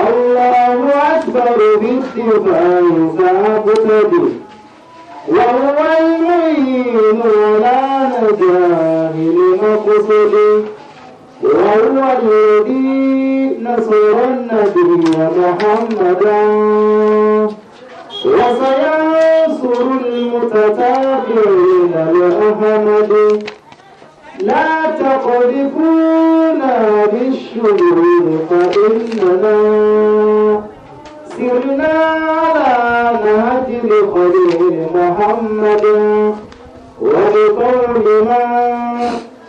الله أكبر بالسماء فاقتدوا وهو المعين ولا نجاه لمقصد وهو الذي نصر النبي محمدا وسينصر المتتابعين لأحمد لا تقذفونا بالشرور فإننا سرنا على نهج الخليل محمد وبقول من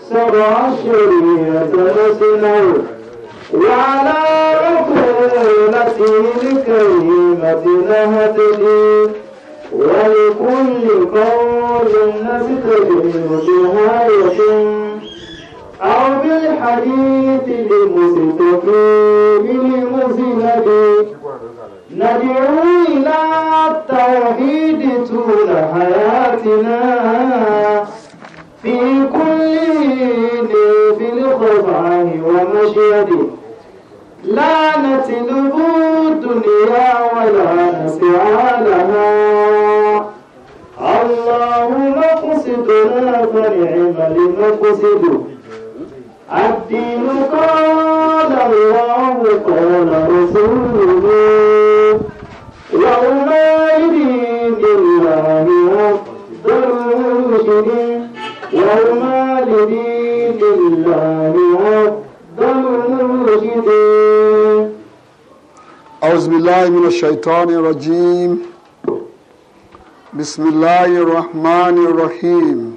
سبع الشريعة نسلوا وعلى ركولته الكريمة نهتدي ولكل قول نستجيب بهاية أو بالحديث المستفي بالمسند ندعو إلى التوحيد طول حياتنا في كل حين في الخضع ومشيد لا نتلب الدنيا ولا نسعى لها اللهم اقصدنا فنعم قصده الدين قال الله قال رسوله وما يريد الله أفضل المسلمين وما يريد الله أفضل المسلمين أعوذ بالله من الشيطان الرجيم بسم الله الرحمن الرحيم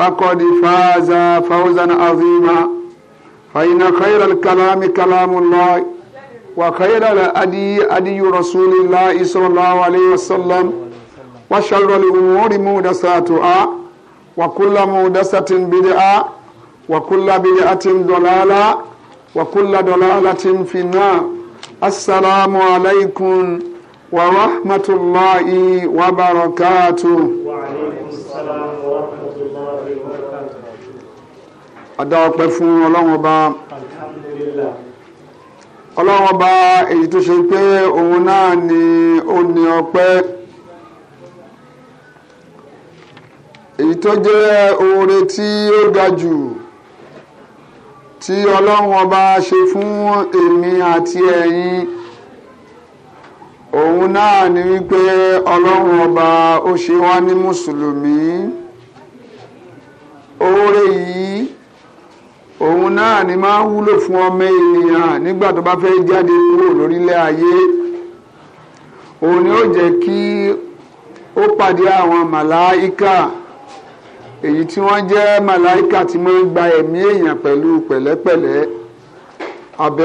فقد فاز فوزا عظيما فإن خير الكلام كلام الله وخير الأدي أدي رسول الله صلى الله عليه وسلم وشر الأمور مودساتها وكل مودسة بدعة وكل بدعة ضلالة وكل ضلالة في النار السلام عليكم ورحمة الله وبركاته وعليكم السلام ورحمة الله adá ọpẹ́ fún ọlọ́run ọba ọlọ́run ọba èyí tó ṣe pé òun náà ni ó ní ọpẹ́ èyí tó jẹ́ oore tí ó ga jù tí ọlọ́run ọba ṣe fún èmi àti ẹ̀yin òun náà ni wípé ọlọ́run ọba ó ṣe wá ní mùsùlùmí oore yìí òun náà ni máa ń wúlò fún ọmọ ènìyàn nígbà tó bá fẹ́ jáde kúrò lórílẹ̀ ayé òun ni ó jẹ́ kí ó pàdé àwọn màláíkà èyí tí wọ́n jẹ́ màláíkà tí máa ń gba ẹ̀mí èèyàn pẹ̀lú pẹ̀lẹ́pẹ̀lẹ́ abẹ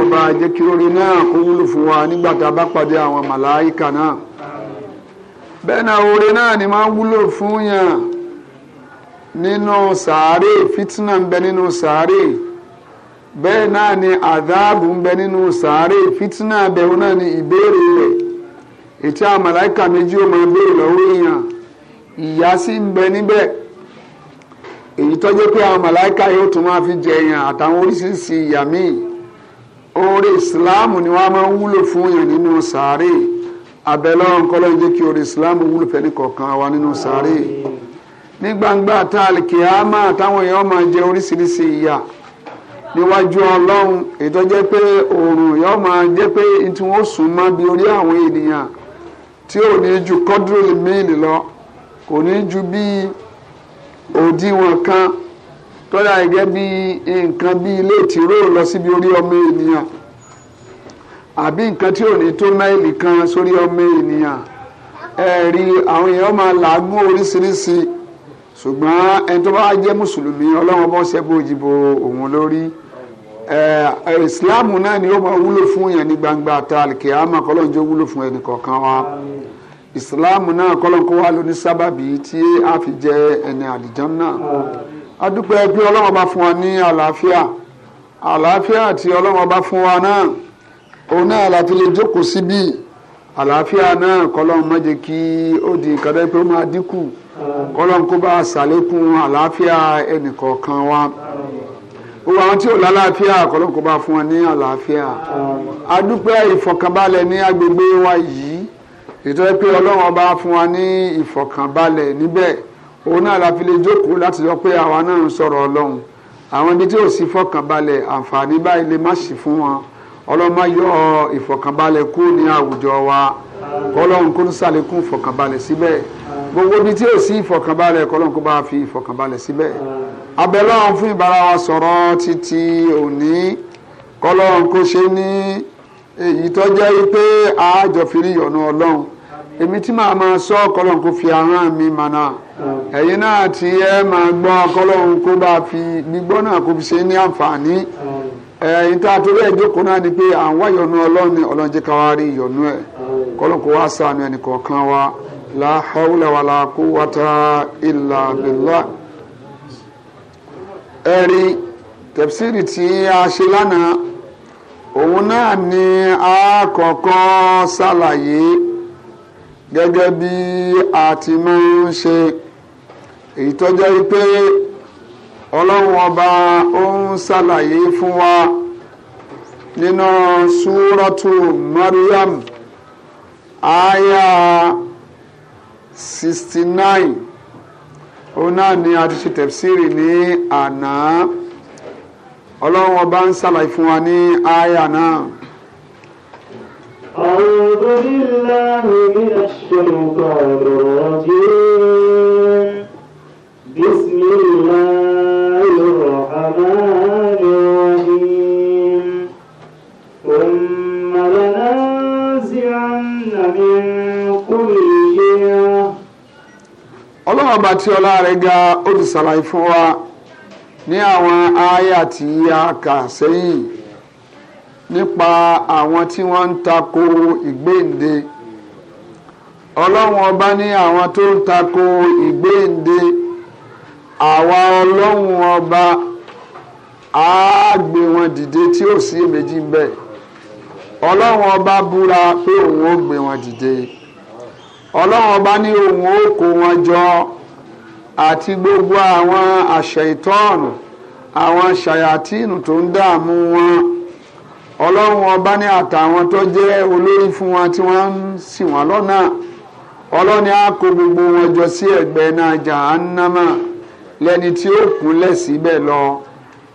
ọba jẹ́ kí wúlò fún wa nígbà tá a bá pàdé àwọn màláíkà náà bẹ́ẹ̀ náà ni máa wúlò fún yàn nínú sàárè fìtínà ń bẹ nínú sàárè bẹ́ẹ̀ náà ni àdáàbù ń bẹ nínú sàárè fìtínà bẹ̀rù náà ni ìbéèrè rẹ̀ ètí àwọn màláìka méjì ó máa béèrè lọ́wọ́ èèyàn ìyà sì ń bẹ níbẹ̀ èyí tó jẹ́ pé àwọn màláìka yóò tún máa fi jẹ èèyàn àtàwọn oríṣiríṣi ìyà míì oore ìsìláàmù ni wọ́n máa ń wúlò fún èèyàn nínú sàárè abẹ́lẹ́ ọ̀nkọ́lọ́ ń jẹ́ kí oore ìsìláàmù wúlò fẹ́ni kọ̀ọ̀kan wa nínú sàárè ní gbangba tá a lè kíyámà táwọn èèyàn máa jẹ oríṣiríṣi ìyà níwájú ọlọ́run ètò jẹ́ pé òòrùn yóò máa jẹ́ pé tí wọ́n sùn mọ́ bí orí àwọn ènìyàn tí ò ní ju kọ́dúrólì míìlì lọ kò ní ju bí òdiwọ̀n kan tọ́lá gẹ́gẹ́ bí nǹkan bí ilé ìtìró lọ síbi orí ọmọ ènìyàn àbí nǹkan tí ò ní tó máìlì kan sórí ọmọ ènìyàn ẹ̀rí àwọn èèyàn máa làágùn oríṣiríṣi ṣùgbọ́n ẹni tó bá jẹ́ mùsùlùmí ọlọ́run bọ́ sẹ́bù òjìbò òun lórí ìsìláàmù náà ni ó máa wúlò fún yẹn ní gbangba ta àlìkìyàmà kọ́lọ́n jẹ́ wúlò fún ẹnì kọ̀ọ̀kan wa ìsìláàmù náà kọ́lọ́n kó wá lóní sábàbí tí a fi jẹ ẹni àlìjànnà a dúpẹ́ pé ọlọ́run bá fún wa ní àlàáfíà àlàáfíà tí ọlọ́run bá fún wa náà òun náà láti lè jókòó síbí àlàáfíà náà kọ́lọ́n má jẹ́ kí ó di nǹkan dẹ́ pé ó máa dínkù kọ́lọ́n kó bá a ṣàlékún àlàáfíà ẹnìkọ̀ọ̀kan wa gbogbo àwọn tí ò lálàáfíà kọ́lọ́n kó bá fún wọn ní àlàáfíà a dúpẹ́ ìfọ̀kànbalẹ̀ ní agbègbè wa yìí ìtọ́jú pé ọlọ́run ọba fún wa ní ìfọ̀kànbalẹ̀ níbẹ̀ òun náà la fi lè jókòó láti sọ pé àwa náà ń sọ̀rọ̀ ọlọ́run àwọn ibi tí ò sí fọ̀kànbalẹ̀ àǹfààní báyìí lè má sí fún wọn ọlọ́mọ yọ ìfọ̀kànbalẹ̀ kú ní àwùjọ wa kọ́lọ́run kó ń ṣàlékún ìfọ̀kànbalẹ̀ síbẹ̀ gbogbo ibi tí ò sí ìfọ̀kànbalẹ̀ kọ́lọ́n kó bá fi ìfọ̀kànbalẹ̀ síbẹ̀ abẹ́lọ́run fún ìbára wa sọ̀rọ̀ títí òní kọ́lọ́n kó ṣe ní èyí tó jẹ́ pé àájọ fi rí ìyọ̀nù ọlọ́run èmi tí màá máa sọ kọ́lọ́n kó fi aràn mi mànà ẹ̀yin náà tí ẹ máa gbọ́ kọ́lọ́n kó bá fi gbígbọ́ náà kó fi ṣe ní àǹfààní ẹ̀yin tá a torí ẹ̀ jókòó náà ni pé à ń wá ìyọ̀nù ọlọ́run ni ọlọ́run jẹ́ ká rí ìyọ̀nù ẹ̀ kọ́lọ́n wá ṣàánú ẹnì kọ̀ọ̀kan wa. لا حول ولا قوة إلا بالله ẹ̀rí tẹ̀síìrì tí a ṣe lánàá òun náà ni a kọ́kọ́ ṣàlàyé gẹ́gẹ́ bí a ti máa ń ṣe èyí tó jẹ́ pé ọlọ́run ọba ó ń ṣàlàyé fún wa nínú súrọ́tù Maryam aya sixty nine òun náà ni a ti ṣe tẹ̀síìrì ní àná ọlọ́run ọba ń ṣàlàyé fún wa ní àyà náà. أعوذ بالله من الشيطان الرجيم بسم الله ọlọ́run ọba tí ọlá rẹ̀ ga ó ti ṣàlàyé fún wa ní àwọn àyà tí a kà sẹ́yìn nípa àwọn tí wọ́n ń tako ìgbéǹde ọlọ́run ọba ní àwọn tó ń tako ìgbéǹde àwa ọlọ́run ọba á gbé wọn dìde tí ò sí èméjì ń bẹ ọlọ́run ọba búra pé òun ó gbé wọn dìde ọlọ́run ọba ní òun ó kó wọn jọ àti gbogbo àwọn àṣẹ ìtọ́ọ̀nù àwọn ṣàyàtìnù tó ń dààmú wọn ọlọ́run ọba ní àtàwọn tó jẹ́ olórí fún wọn tí wọ́n ń ṣì wọ́n lọ́nà ọlọ́ni á kó gbogbo wọn jọ sí ẹ̀gbẹ́ náà jahannama lẹ́ni tí ó kúnlẹ̀ síbẹ̀ lọ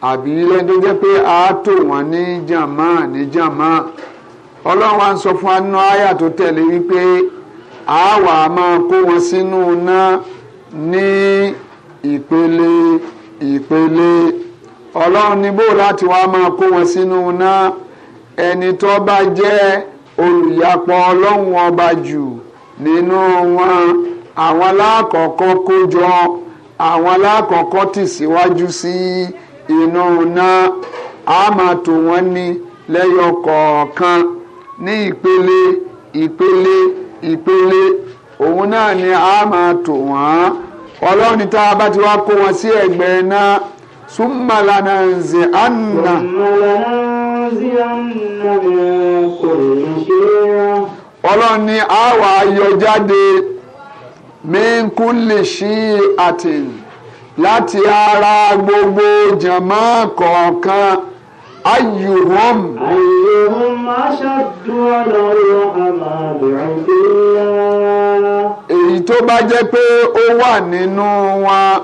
àbí lẹ́ni tó jẹ́ pé a tò wọ́n ní jàmá ní jàmá ọlọ́run á sọ fún anú àyà tó tẹ̀lé wípé a wà máa kó wọn sínú iná ní ìpele ìpele ọlọ́run ní bó láti wá máa kó wọn sínú iná ẹni tó bá jẹ́ olùyapọ̀ ọlọ́run ọba jù nínú wọn àwọn alákọ̀ọ́kọ́ kó jọ àwọn alákọ̀ọ́kọ́ tì síwájú sí inú iná a máa tò wọ́n ní lẹ́yọ kọ̀ọ̀kan ní ìpele ìpele ìpele òun náà ni a máa tò wọ́n ọlọ́run tá a bá ti wá kó wọn sí ẹ̀gbẹ́ náà súnmọ́lànà ǹzẹ̀ àná. ọlọ́run ni a wà yọ jáde mínkúnlè sí àtìn láti ara gbogbo jàmọ́ kọ̀ọ̀kan ayuhum. ayuhum aṣadu ọlọ́run àmàlẹ́ ọ̀gbìnrin. èyí tó bá jẹ́ pé ó wà nínú wọn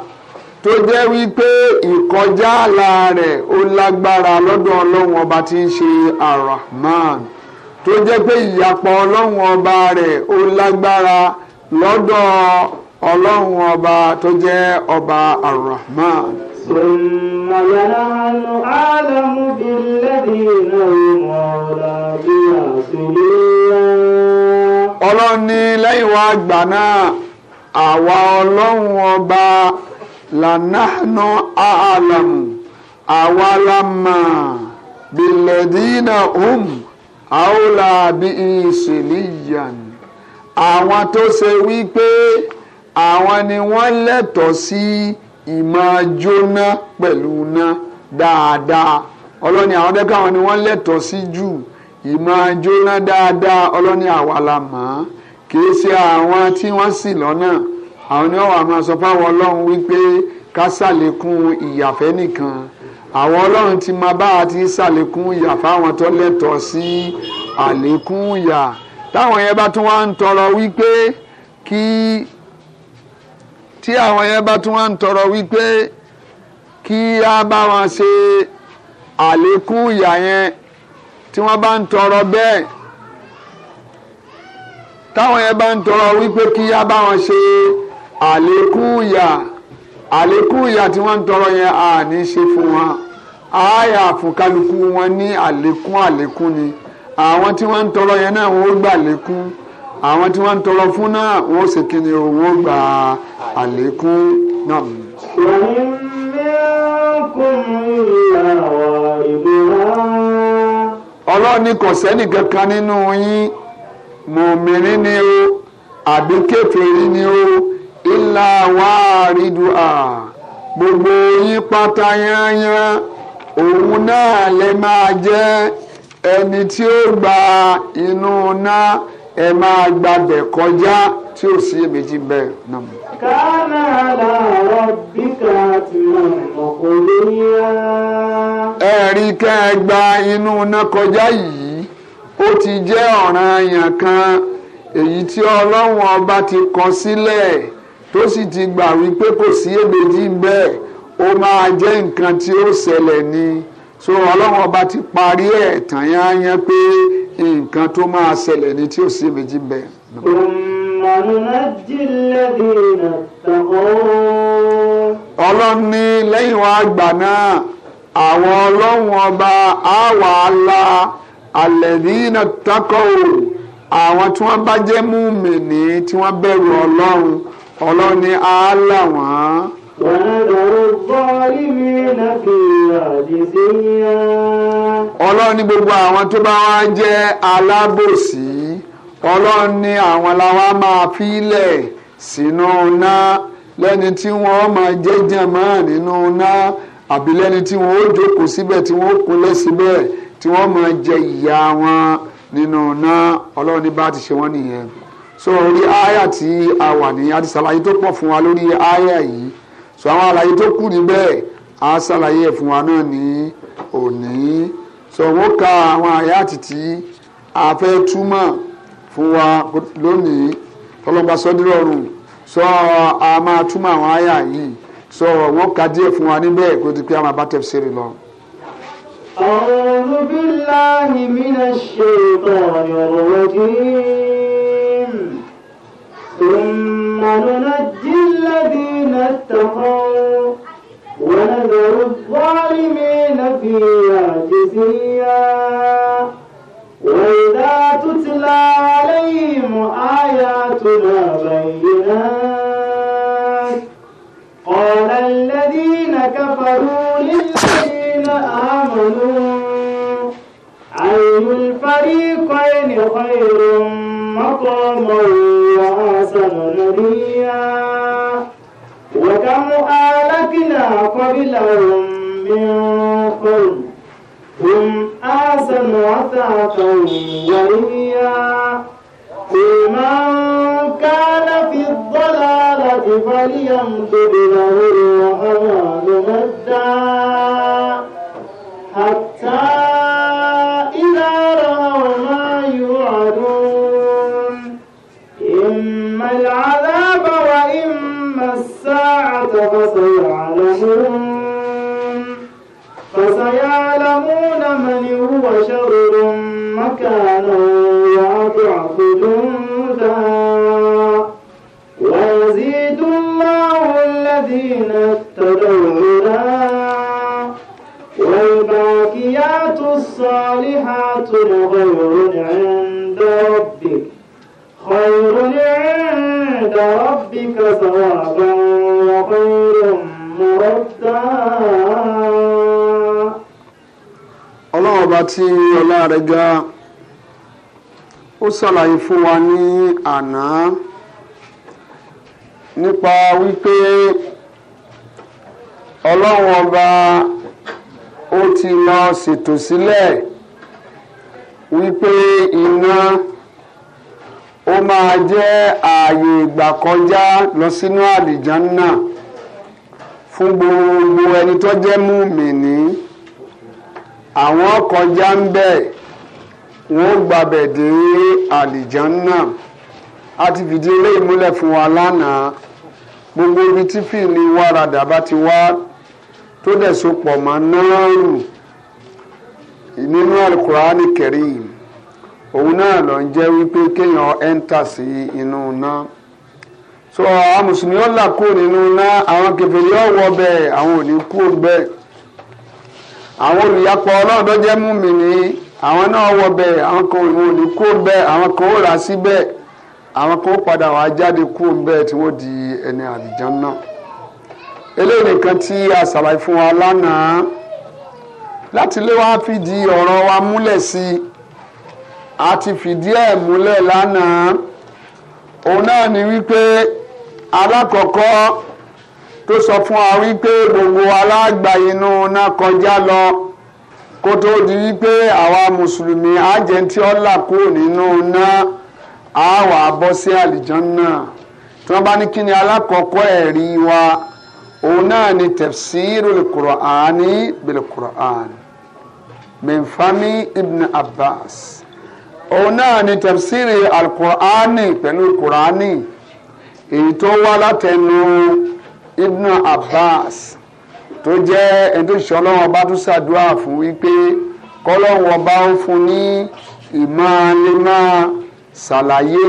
tó jẹ́ wípé ìkọjá àlà rẹ̀ ó lágbára lọ́dọ̀ ọlọ́run ọba tí ń ṣe arahman tó jẹ́ pé ìyàpọ̀ ọlọ́run ọba rẹ̀ ó lágbára lọ́dọ̀ ọlọ́run ọba tó jẹ́ ọba arahman. ثم ينال أعلم بالذين هم أولى بها سبيلا ọlọ́run ní lẹ́yìn wá àgbà náà àwa ọlọ́run ọba lànàánú àlàmù àwa la bìlẹ̀dínà hùm àólà bí ìṣèlíyàn àwọn tó ṣe wípé àwọn ni wọ́n lẹ́tọ̀ọ́ sí. Si ìmáa jóná pẹ̀lú iná dáadáa ọlọ́ni àwọn dẹ́ka wọn ni wọ́n lẹ́tọ̀ọ́ sí jù ìmáa jóná dáadáa ọlọ́ni àwa la mọ̀ ọ́ kìí ṣe àwọn tí wọ́n ṣì lọ́nà àwọn ni wọ́n wà máa sọ fáwọn ọlọ́run wípé ká ṣàlékún ìyàfẹ́ nìkan àwọn ọlọ́run ti máa bá àti ṣàlékún ìyà fáwọn tó lẹ́tọ̀ọ́ sí àlékún ìyà táwọn yẹn bá tún wá ń tọrọ wípé kí tí àwọn yẹn bá tún wá ń tọrọ wípé kí á bá wọn ṣe àlékún ìyà yẹn tí wọ́n bá ń tọrọ bẹ́ẹ̀ táwọn yẹn bá ń tọrọ wípé kí á bá wọn ṣe àlékún ìyà àlékún ìyà tí wọ́n ń tọrọ yẹn à ní ṣe fún wọn àáyà àfùkálukú wọn ní àlékún àlékún ni àwọn tí wọ́n ń tọrọ yẹn náà wọ́n gbà lékún àwọn tí wọ́n ń tọrọ fún náà wọ́n ṣe kí ni owó gba àlékún náà. òun kò sẹ́ni kankan nínú yín mùmíní ni o àbí kèfèrí ni o ìlà wàárídù à gbogbo yín pátá yányán òun náà lè máa jẹ́ ẹni tí ó gba inú náà. ẹ máa gbàbẹ̀ kọjá tí ò sí èméjì bẹ́ẹ̀ náà. kánà làárọ̀ bí káàtì ọ̀kọ̀lẹ́ yá. ẹ̀rí kẹ́ ẹ gba inú iná kọjá yìí ó ti jẹ́ ọ̀ranyàn kan èyí tí ọlọ́run ọba ti kọ sílẹ̀ tó sì ti gbà wípé kò sí èméjì bẹ́ẹ̀ ó máa jẹ́ nǹkan tí ó ṣẹlẹ̀ ni. so ọlọ́run ọba ti parí ẹ̀ tàn yán yán pé nǹkan tó máa ṣẹlẹ̀ ní tí ò sí méjì bẹ́ẹ̀. ọlọ́run ní lẹ́yìn wá gbà náà àwọn ọlọ́run ọba á wà á la alladhina taqaw àwọn tí wọ́n bá jẹ́ mùmìnì tí wọ́n bẹ̀rù ọlọ́run ọlọ́run á là wọ́n. wọ́n ń dọ̀rọ̀ ọlọ́run ní gbogbo àwọn tó bá wá jẹ́ alábòsí ọlọ́run ní àwọn làwa máa fílẹ̀ sínú náà lẹ́ni tí wọ́n máa jẹ́ jàmá nínú náà àbí lẹ́ni tí wọ́n ó jókòó síbẹ̀ tí wọ́n ó kúnlẹ̀ síbẹ̀ tí wọ́n máa jẹ ìyá wọn nínú náà ọlọ́run ní bá ti ṣe wọ́n nìyẹn so orí àyà tí a wà ní àti ṣàlàyé tó pọ̀ fún wa lórí àyà yìí so àwọn àlàyé tó kù níbẹ̀ á ṣàlàyé ẹ̀ fún wa náà ní òní sọ̀wọ́n ka àwọn àyà àtìtì a túmọ̀ fún wa lónìí tọ́lọ́ba sọ́dúnrọ̀rùn sọ a máa túmọ̀ àwọn àyà yìí sọ wọ́n ka díẹ̀ fún wa níbẹ̀ kó ti pé a máa bá tẹ̀síìrì lọ. أعوذ بالله من الشيطان الرجيم ثم ننجي الذين اتقوا ونذر الظالمين فيها جثيا وإذا تتلى عليهم آياتنا بينات قال الذين كفروا للذين آمنوا أي الفريقين خير مقاما وأحسن نبيا وكم أهلكنا قبلهم من قرن هم أحسن عتاقا ورئيا لمن كان في الضلالة فليمدد له الرحمن مدا حتى بطير عليهم فسيعلمون من هو شر مكانا وأضعف جندا ويزيد الله الذين اهتدوا هدى والباقيات الصالحات خير عند ربك خير عند ربك ثوابا tí ọlá rẹ̀ ga ó ṣàlàyé fún wa ní àná nípa wípé ọlọ́run ọba ó ti lọ ṣètò sílẹ̀ wípé iná ó máa jẹ́ ààyè ìgbàkọjá lọ sínú àlìjánná fún gbogbo ẹni tó jẹ́ mùmìnì àwọn kọjá ń bẹ̀ wọ́n gbàbẹ̀ dé àlìjánná a ti fìdí eléyìí múlẹ̀ fún wa lánàá gbogbo ibi tí fìlì wàràdà bá ti wá tó dẹ̀ so pọ̀ mọ́ náírù nínú alukurani kẹrim òun náà lọ ń jẹ́ wípé kéèyàn ẹ́ńtà sí inú náà so àwọn mùsùlùmí ọ̀là kúrò nínú náà àwọn kẹfẹ́ yọ̀ wọ bẹ́ẹ̀ àwọn ò ní kúrò bẹ́ẹ̀ àwọn olùyapọ̀ ọlọ́run tó jẹ́ mùmínì àwọn náà wọ bẹ́ẹ̀ àwọn kan ìwọ̀n òní kó bẹ́ẹ̀ àwọn kan ó rà sí bẹ́ẹ̀ àwọn kan ó padà wá jáde kó bẹ́ẹ̀ tí wọ́n di ẹni àlùjánnà eléyìí nìkan tí a ṣàlàyé fún wa lánàá láti lé wá fìdí ọ̀rọ̀ wa múlẹ̀ sí i a ti fìdí ẹ̀ múlẹ̀ lánàá òun náà ni wípé alákọ̀ọ́kọ́ tó sọ fún wa wípé gbogbo alágbà inú náà kọjá lọ kó tó di wípé àwa mùsùlùmí àjẹntí ọ̀là kúrò nínú náà á wà bọ́ sí àlìjánná tí wọ́n bá ní kí ni alákọ̀ọ́kọ́ ẹ̀rí wa òun náà ni tafsirul Qur'ani bil Qur'an min fami ibn Abbas òun náà ni tafsiri al-Qur'ani pẹ̀lú Qur'ani èyí tó wá látẹnu ibnu abbas tó jẹ́ ẹni tó ṣiṣẹ́ ọlọ́run ọba tó ṣàdúrà fún wípé kọ́lọ́run ọba ń fún ní ìmọ̀ lè máa ṣàlàyé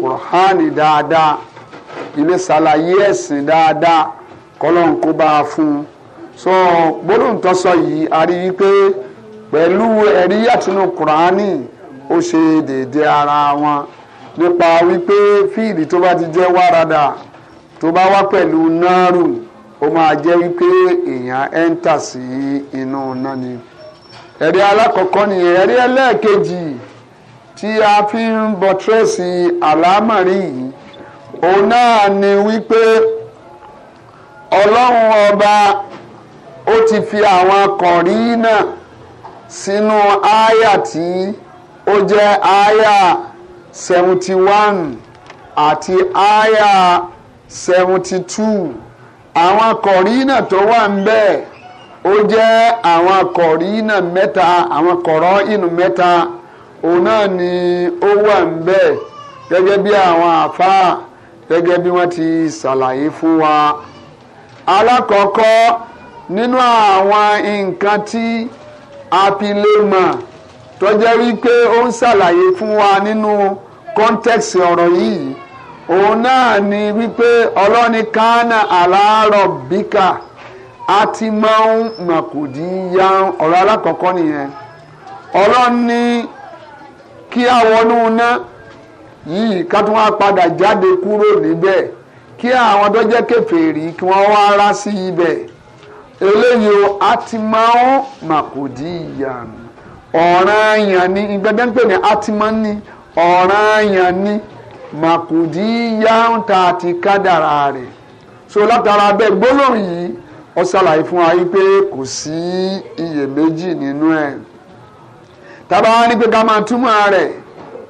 kùránì dáadáa ilé ṣàlàyé ẹ̀sìn dáadáa kọ́lọ́run kó bá a fún un so gbólóhùn tó sọ yìí a rí i pé pẹ̀lú ẹ̀rí àtinú kùránì ó ṣe déédéé ara wọn nípa wípé fíìlì tó bá ti jẹ́ wáradà tó bá wá pẹ̀lú náírù ó máa jẹ́ wípé èèyàn ẹ́ńtà sí inú náà ni ẹ̀rí alákọ̀ọ́kọ́ ni ẹ̀rí ẹlẹ́ẹ̀kejì tí a fi ń bọ̀tírẹ́sì àlámọ̀rí yìí òun náà ni wípé ọlọ́run ọba ó ti fi àwọn kọ̀rí náà sínú àyà tí ó jẹ́ àyà seventy one àti àyà 72 two àwọn kọ̀rínà tó wà ń bẹ̀ ó jẹ́ àwọn kọ̀rínà mẹ́ta àwọn kọ̀rọ̀ inú mẹ́ta òun náà ni ó wà ń bẹ̀ gẹ́gẹ́ bí àwọn àfáà gẹ́gẹ́ bí wọ́n ti ṣàlàyé fún wa. alákọ̀ọ́kọ́ nínú àwọn nǹkan tí a fi lè mọ̀ tó wípé ó ń ṣàlàyé fún wa nínú kọ́ńtẹ́ksì ọ̀rọ̀ yìí òun náà ni wípé ọlọ́ni kánà aláàárọ̀ bíkà àti máa ń màkùdí ya ọ̀rọ̀ alákọ̀ọ́kọ́ nìyẹn ọlọ́ni kí a wọnú ná yìí ká tún wá padà jáde kúrò níbẹ̀ kí àwọn tó jẹ́ kèfèrí kí wọ́n wá rá sí ibẹ̀ eléyìí o àti máa ń màkùdí ya ọ̀ràn yàn ni ìgbẹ́gbẹ́ ń ni. màkùdí yáǹtà àti kádàrà rẹ̀ so látara bẹ́ẹ̀ gbólóhùn yìí ó ṣàlàyé fún wa yìí pé kò sí iyèméjì nínú ẹ̀ tábà wá ní pé ká máa túmọ̀ rẹ̀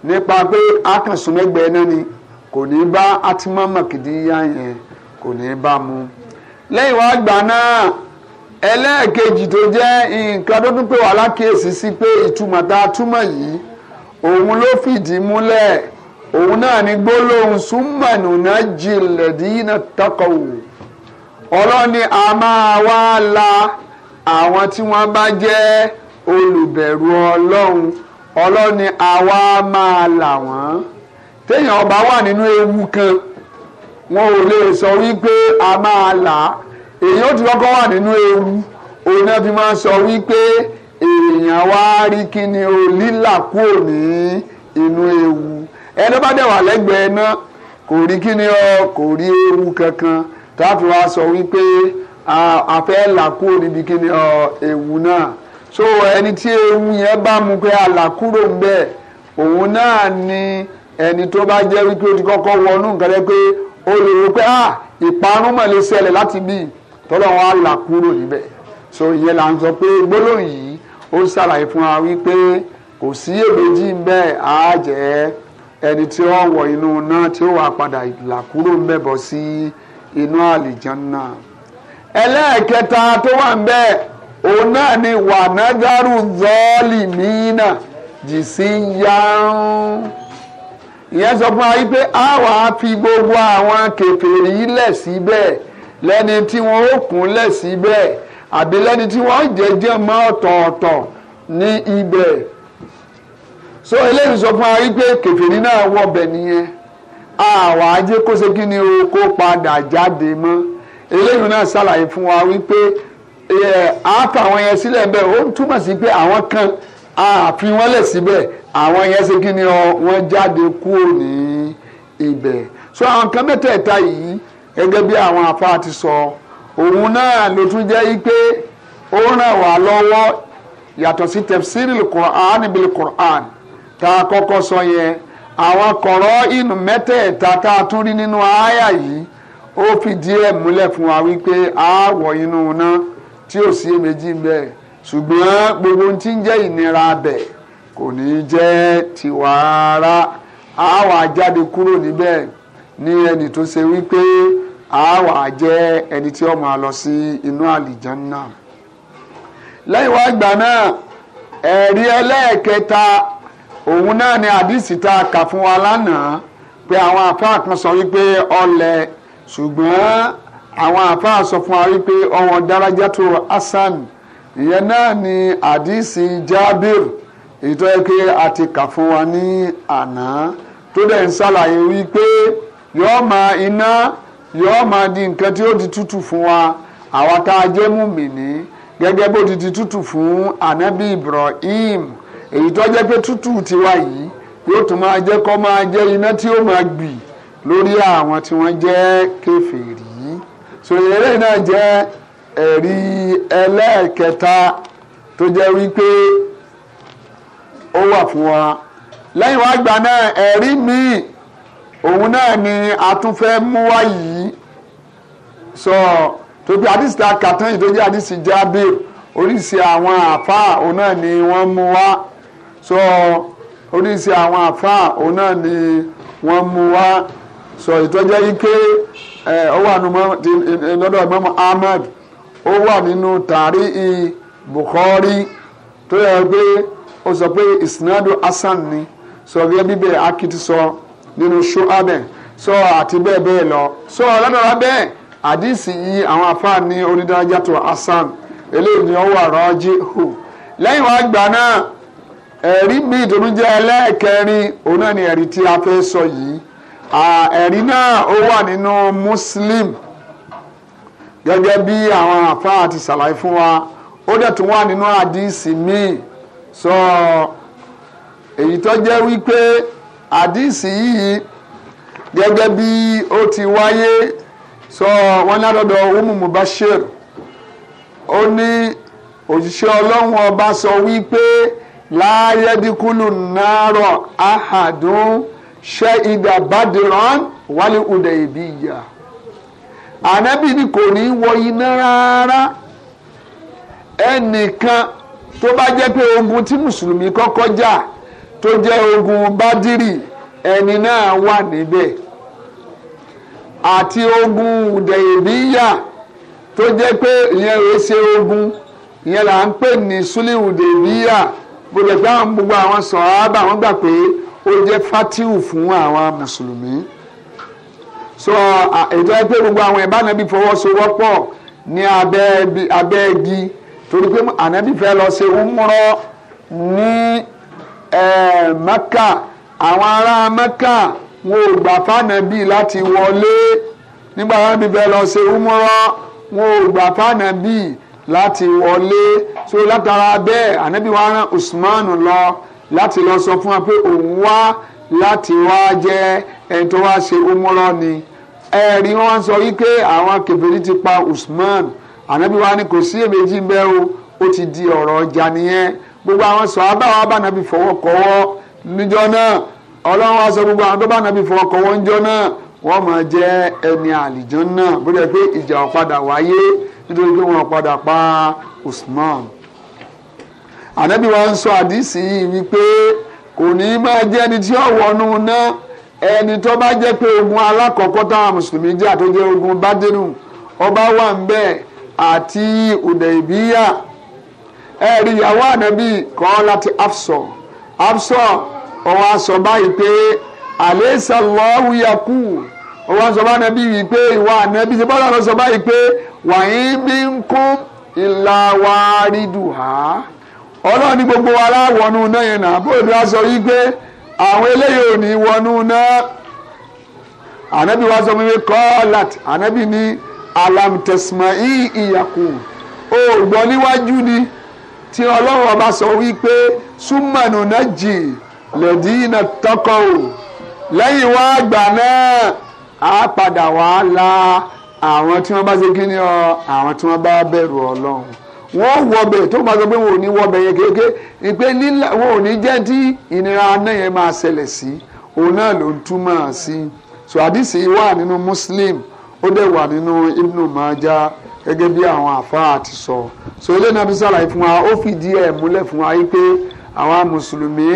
nípa pé akànsùnmẹ́gbẹ̀ẹ́ náà ni kò ní bá atimọ́ màkìdí yá yẹn kò ní bá mu lẹ́yìn wá gbà náà ẹlẹ́ẹ̀kejì tó jẹ́ nǹkan tó tún pè wá lákèésí sí pé ìtumọ̀ tá a túmọ̀ yìí òun ló fìdí múlẹ̀ òun náà ni gbólóhùn súnmọ̀nù náà jìnlẹ̀ dínà tọkọ̀ wò ọlọ́ni a máa wá la àwọn tí wọ́n bá jẹ́ olùbẹ̀rù ọlọ́run ọlọ́ni a wá máa là wọ́n téèyàn ọba wà nínú ewu kan wọn ò lè sọ wípé a máa là èyí ó ti kọ́kọ́ wà nínú ewu òun náà fi máa sọ wípé èèyàn wá rí kíni o lílà kúrò ní inú ewu ẹni bá dẹ̀ wà lẹ́gbẹ̀ẹ́ náà kò rí kí ni ọ kò rí ewu kankan táàfin wa sọ wípé a fẹ́ là kúrò níbi kí ni ọ ewu náà so ẹni tí ewu yẹn bá mu pé a là kúrò ń òun náà ni ẹni tó bá jẹ́ wípé o ti kọ́kọ́ wọnú nǹkan rẹ pé o lè rò pé ìparun mọ̀ lè ṣẹlẹ̀ láti bí tọ́lọ́ wọn là kúrò níbẹ̀ so ìyẹn là ń sọ pé gbólóhùn yìí ó ń ṣàlàyé fún wa wípé kò sí èméjì ń bẹ́ẹ̀ á jẹ́ ẹni tí ó wọ inú náà tí ó wà padà là kúrò ń bẹ̀bọ̀ sí inú àlìjánná ẹlẹ́ẹ̀kẹta tó wà ń bẹ̀ òun náà ni wà nádàrú zọ́ọ̀lì mìínà jì sí yárún ìyẹn sọ fún wa wípé a wà á fi gbogbo àwọn kèfèrí lẹ̀ síbẹ̀ lẹ́ni tí wọ́n ó kún lẹ̀ síbẹ̀ àbí lẹ́ni tí wọ́n jẹ́jẹ́ mọ́ ọ̀tọ̀ọ̀tọ̀ ní ibẹ̀ so eléyìí sọ fún wa wípé kèfèrí náà wọ bẹ̀ nìyẹn àwa ajé kó ṣe kí ni o kó padà jáde mọ́ eléyìí náà ṣàlàyé fún wa wípé àtàwọn yẹn sílẹ̀ bẹ́ẹ̀ ó túmọ̀ sí pé àwọn kan àfi wọ́n lẹ̀ síbẹ̀ àwọn yẹn ṣe kí ni wọ́n jáde kúrò ní ibẹ̀ so àwọn kan mẹ́tẹ̀ẹ̀ta yìí gẹ́gẹ́ bí àwọn àfáà ti sọ òun náà ló tún jẹ́ wípé ó ràn wá lọ́wọ́ yàtọ̀ sí tafsiril Qur'an bil Qur'an tá a kọ́kọ́ sọ yẹn àwọn kọ̀rọ̀ inú mẹ́tẹ̀ẹ̀ta tá a tún rí nínú àáyà yìí ó fìdí múlẹ̀ fún wa wípé àáwọ̀ inú náà tí ò sí èméjì ṣùgbọ́n gbogbo ohun tí ń jẹ́ ìnira bẹ̀ kò ní jẹ́ tiwa rárá jáde wípé jẹ́ ẹni tí ó máa lọ sí inú lẹ́yìn wá gbà náà ẹ̀rí ẹlẹ́ẹ̀kẹta òun náà ni àdìsí tá a kà fún wa lánàá pé àwọn àfáà kan sọ wípé ọlẹ̀ ṣùgbọ́n àwọn àfáà sọ fún wa wípé ọwọ́n dárájá tó hasan ìyẹn náà ni àdìsí jábìr èyí tó yẹ kí a ti kà fún wa ní àná tó dẹ̀ ń ṣàlàyé wípé yọ́ọ́ máa iná yọ́ọ́ máa di nǹkan tí ó di tútù fún wa àwa tá a jẹ́ mùmìnì gẹ́gẹ́ bó ti di tútù fún anabi Ibrahim èyí tó jẹ́ pé tútù ti wá yìí yóò tún máa jẹ́ kó máa jẹ́ iná tí ó máa gbì lórí àwọn tí wọ́n jẹ́ kèfèrí so eré náà jẹ́ ẹ̀rí ẹlẹ́ẹ̀kẹta tó jẹ́ wípé ó wà fún wa lẹ́yìn wá gbà náà ẹ̀rí míì òun náà ni a tún fẹ́ mú wá yìí sọ tóbi àdìsí ta kàtán yìí tó jẹ́ àdìsí jábìr oríṣi àwọn àfáà òun náà ni wọ́n mú wá. so àwọn àfáà òun náà ni sọ ìtọ́jẹ́ ike ó wà lọ́dọ̀ ó wà nínú tàrí i Bukhari tó yẹ sọ pé isnadu hasan ni sọ gẹ́gẹ́ bíbẹ̀ sọ nínú sọ àti bẹ́ẹ̀ bẹ́ẹ̀ lọ sọ lọ́dọ̀ọ́dọ̀ bẹ́ẹ̀ àdìsí yìí àwọn àfáà ní onídàájá tó hasan eléyìí ni ó wà rọ́ọ́jì hù lẹ́yìn wá gbà ẹ̀rí míì tó tún jẹ́ ẹlẹ́ẹ̀kẹrin òun náà ni ẹ̀rí tí a fẹ́ sọ yìí ẹ̀rí náà ó wà nínú Muslim gẹ́gẹ́ bí àwọn àfáà ti ṣàlàyé fún wa ó dẹ̀ tún wà nínú àdìsí míì sọ èyí tó jẹ́ wípé àdìsí yìí gẹ́gẹ́ bí ó ti wáyé sọ wọ́n ní àdọ́dọ̀ Mubashir ó ní òjíṣẹ́ ọlọ́run ọba sọ wípé. láyẹ́díkúlù náírà ahàdùn ṣe ìdá bàdìrán wálé ọdẹ ìbí ìyá ànábì ni kò ní wọ iná rárá ẹnìkan tó bá jẹ́ pé ogun tí mùsùlùmí kọ́kọ́ jà tó jẹ́ ogun bádìrì ẹni náà wà níbẹ̀ àti ogun ìdẹ̀yẹ̀bíyà tó jẹ́ pé ìyẹn rèé ṣe ogun ìyẹn là ń pè ní súlíù ìdẹ̀yẹ̀bíyà bọ̀dọ̀ pé àwọn gbogbo àwọn sọ̀hábà wọ́n gbà pé ó jẹ́ fátíwù fún àwọn mùsùlùmí so ètò ẹgbẹ́ gbogbo àwọn ẹ̀bá ànábì fọwọ́sowọ́pọ̀ ní abẹ́ igi torí pé ànábì fẹ́ lọ ṣe umrọ ní Mẹ́kà àwọn ará Mẹ́kà wọn ò gbà fànàbì láti wọlé nígbà wọn fẹ́ lọ ṣe umrọ wọn ò gbà fànàbì láti wọlé so látara bẹ́ẹ̀ ànábì wa rán Usman lọ láti lọ sọ fún wa pé òun wá láti wá jẹ́ ẹni tó wá ṣe umrọ ni ẹ̀rí wọn sọ wípé àwọn kèfèrí ti pa Usman ànábì wa ni kò sí èméjì bẹ́ẹ̀ o ó ti di ọ̀rọ̀ ọjà nìyẹn gbogbo àwọn sọ̀hábà wa bá nàbí fọwọ́ kọ́wọ́ níjọ́ náà ọlọ́run wa sọ gbogbo àwọn tó bá nàbí fọwọ́ kọ́wọ́ náà wọ́n máa jẹ́ ẹni àlìjọ́ náà bó dẹ̀ pé ìjà ọ̀padà wáyé nítorí pé wọ́n padà pa Usman ànábì wa ń sọ àdìsí yìí wípé kò ní máa jẹ́ ẹni tí ó wọnú náà ẹni tó bá jẹ́ pé ogun alákọ̀ọ́kọ́ táwọn mùsùlùmí jẹ́ àtọ́jẹ́ ogun bádẹ́nù ọba wà ń bẹ̀ àti Hudaybiya ẹ̀rí ìyàwó ànábì kan láti Hafsa Hafsa ọ̀wọ́ aṣọ báyìí pé alaysa Allahu yakun. ó wá sọ bá nẹbí yìí pé ìwà nẹbí ṣe bọ́lá lọ sọ báyìí pé wàyí bí ń kún ìlà wa ọlọ́run ní gbogbo wa náà yẹn náà bóyá sọ yìí pé àwọn eléyìí ò ní wọnú náà ànábì wa sọ wípé kọ́ọ̀lát ànábì ní ìyàkù ó gbọ́ níwájú ni tí ọlọ́run ọba sọ wípé súnmọ̀nù náà jì lẹ́dí náà tọkọ̀ ò lẹ́yìn wá náà. A padà wá la àwọn tí wọ́n bá ṣe kí ni ọ àwọn tí wọ́n bá bẹ̀rù ọlọ́run wọ́n wọbẹ̀ tó máa sọ pé wọn ò ní wọbẹ̀ yẹn kéèké ìpè nílẹ̀ wọn ò ní jẹ́ tí ìnira náà yẹn máa ṣẹlẹ̀ sí òun náà ló ń túmọ̀ sí so àdìsí wà nínú Muslim ó dẹ̀ wà nínú Ibnu maja. gẹ́gẹ́ bí àwọn àfáà ti sọ so eléyìí náà fi ṣàlàyé fún wa ó fìdí ẹ̀ múlẹ̀ fún wa yìí pé àwọn mùsùlùmí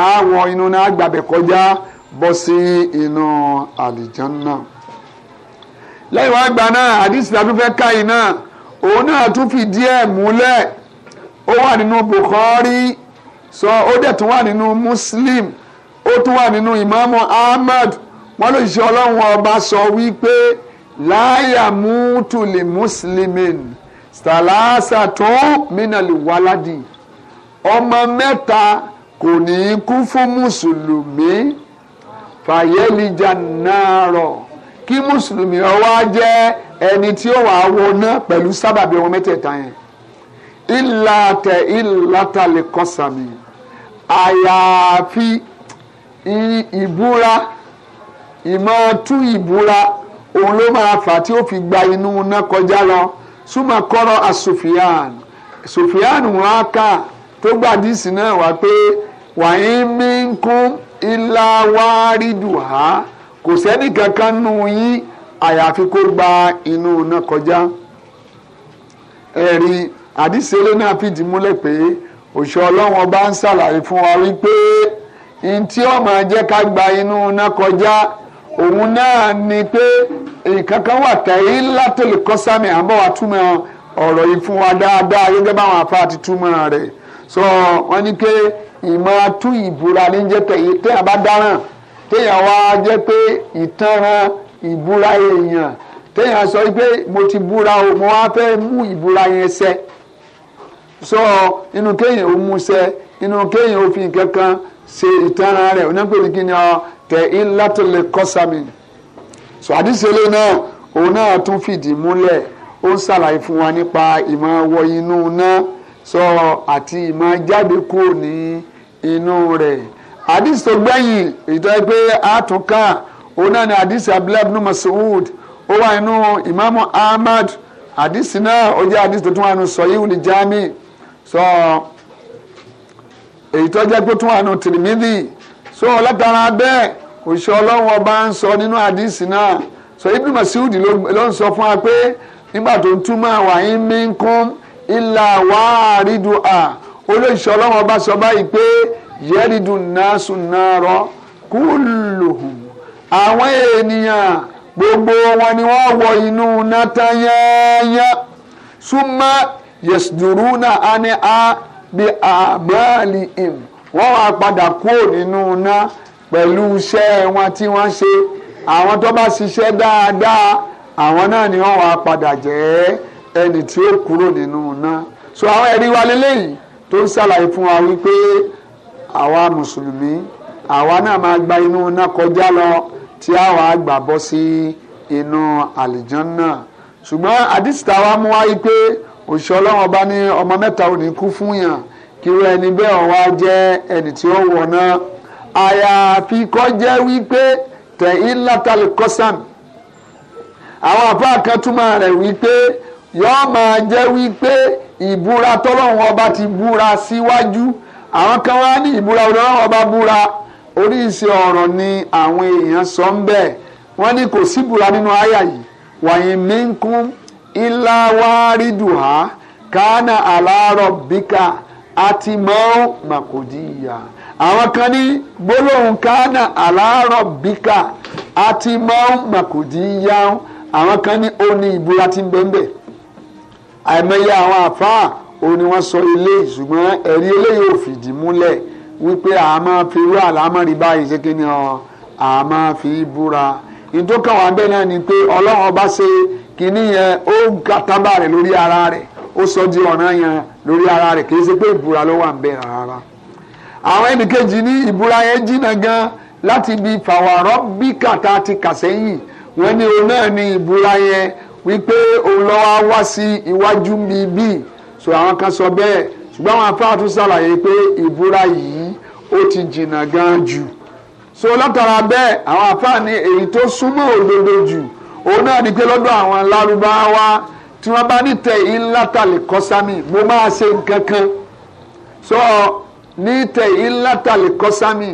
àwọn inú náà gbàbẹ̀ kọjá bọ́ sí inú àlìjánná lẹ́yìn wá gbà náà àdìsí tàbí fẹ́ ká yìí náà òun náà tún fìdí ẹ̀ múlẹ̀ ó wà nínú Bukhari sọ ó dẹ̀ tún wà nínú Muslim ó tún wà nínú Imam Ahmad wọ́n lè ṣe ọlọ́run ọba sọ wípé láyà mútùlì muslimin sàlásà tó mínàlì wáládì ọmọ mẹ́ta kò ní í kú fún mùsùlùmí fàyẹ́lìjà nàárọ̀ kí mùsùlùmí ó wá jẹ́ ẹni tí ó wà á wọ náà pẹ̀lú sábàbí ohun mẹ́tẹ̀ẹ̀ta yẹn ìlà tẹ ìlà ta lè kọ́ sàmì àyàfi ìbúra ìmọ̀ tú ìbúra òun ló máa fà tí ó fi gba inú náà kọjá lọ súnmọ́ kọ́rọ́ àsòfìàn sòfìàn wọn á kà tó gbàdísì náà wá pé wàyí mí kún ilá wárídùá kò sẹ́ni kankan nù yín àyàfi kó gba inú iná kọjá ẹ̀rí àdìsẹ́lẹ̀ náà fìdí múlẹ̀ pé òṣìṣẹ́ ọlọ́run ọba ń ṣàlàyé fún wa wípé n tí ó máa jẹ́ ká gba inú iná kọjá òun náà ni pé nǹkan wà tẹ̀yí látòlè kọ́sámì àbọ̀ wa túmọ̀ ọ̀rọ̀ yìí fún wa dáadáa gẹ́gẹ́ báwọn afá ti túmọ̀ rẹ̀ sọ wọ́n ní pé ìmọ̀ tú ìbúra ní jẹ́ tẹ̀yìn téèyàn bá dáràn téèyàn wá jẹ́ pé ìtanràn ìbúra èèyàn téèyàn sọ pé mo ti búra o mo wá fẹ́ mú ìbúra yẹn ṣẹ sọ inú kéèyàn ó mú ṣẹ inú kéèyàn ó fi nǹkan kan ṣe ìtanràn rẹ̀ onígbèrè kí ni ọ tẹ̀ ìlàtọ̀lẹ̀ kọ́sàmì sọ àdìsẹ́lẹ̀ náà òun náà tún fìdí múlẹ̀ ó ṣàlàyé fún wa nípa ìmọ̀ wọ inú náà sọ àti ìmọ̀ jáde kúrò ní inú rẹ̀ àdìsí tó gbẹ̀yìn ìtọ́ pé àtúnkà òun náà ni àdìsí abdullahi ibn Mas'ud ó wà nínú ìmáàmù Ahmad àdìsí náà ó jẹ́ àdìsí tó tún wà nínú sọ̀yíwìlì jami sọ èyí tó jẹ́ pé tún wà nínú tìrìmídì so látara bẹ́ẹ̀ òṣìṣẹ́ ọlọ́run ọba ń sọ nínú àdìsí náà sọ ibn Mas'ud ló ń sọ fún wa pé nígbà tó ń túmọ̀ wàyí mí ń kún ilà wàá rí du à olóyìnṣẹ́ ọlọ́wọ́n bá sọ báyìí pé yẹ́rìndù náà sùn náà rọ kúlùhùn àwọn ènìyàn gbogbo wọn ni wọ́n wọ inú nátanyáyá súnmọ́ yẹ̀sùdùrúnà á ní á bí àmàlì im wọ́n wá padà kúrò nínú iná pẹ̀lú iṣẹ́ wọn tí wọ́n ṣe àwọn tó bá ṣiṣẹ́ dáadáa àwọn náà ni wọ́n wá padà jẹ́ ẹni tí ó kúrò nínú iná so àwọn ẹ̀rí wa lélẹ́yìí tó ń ṣàlàyé fún wa wípé àwa mùsùlùmí àwa náà máa gba inú iná kọjá lọ tí àwa gbà bọ́ sí inú àlìjánná ṣùgbọ́n àdìsí táwa mú wáyé pé òṣìṣẹ́ ọlọ́run ọba ní ọmọ mẹ́ta ò ní kú fún yàn kí irú ẹni bẹ́ẹ̀ ọ̀ wá jẹ́ ẹni tí ó wọ̀ náà àyàfi kọ́ jẹ́ wípé tẹ̀yìn látàlí kọ́sàm àwọn àfáà kan túmọ̀ rẹ̀ wípé yọ́ọ́ máa jẹ́ wípé ìbúra tọ́lọ́run ọba ti búra síwájú àwọn kan wá ní ìbúra ọlọ́run ọba búra oríṣi ọ̀rọ̀ ni àwọn èèyàn sọ ń bẹ́ẹ̀ wọ́n ní kò síbúra nínú àyà yìí wàyí minkum ilá wárídùá kánà àlárọ̀ bíkà àti mọ́ màkòdìyà àwọn kan ní gbólóhùn kánà àlárọ̀ bíkà àti mọ́ màkòdìyà àwọn kan ní ó ìbúra tí ń bẹ́ẹ̀ bẹ́ẹ̀ àìmọye àwọn àfáà òun ni wọ́n sọ ilé ṣùgbọ́n ẹ̀rí eléyìí ò fìdí múlẹ̀ wípé a máa fi irú àlámọ́rí báyìí ṣe kí ni ọ a máa fi búra ìdókàn wà bẹ́ẹ̀ náà ni pé ọlọ́run ọba ṣe kínní yẹn ó ń katábà rẹ̀ lórí ara rẹ̀ ó sọ di ọ̀ràn yẹn lórí ara rẹ̀ kì í ṣe pé ìbúra ló wà ń bẹ rárá àwọn ẹnìkejì ní ìbúra yẹn jìnnà gan láti ibi fàwárọ́ bí kàtà ti kà sẹ́yìn wọ́n ní òun náà ní ìbúra yẹn wípé òun lọ wá wá sí iwájú mi bíi so àwọn kan sọ bẹ́ẹ̀ ṣùgbọ́n àwọn afárá tún ṣàlàyé pé ìbúra yìí ó ti jìnnà gan jù so látara bẹ́ẹ̀ àwọn afárá ní èyí tó súnmọ́ òdodo jù òun náà ni pé lọ́dọ̀ àwọn lárúbáwá tí wọ́n bá ní tẹ ilá tàlẹ kọsámi mo máa ṣe nǹkan kan so ní tẹ ilá tàlẹ kọsámi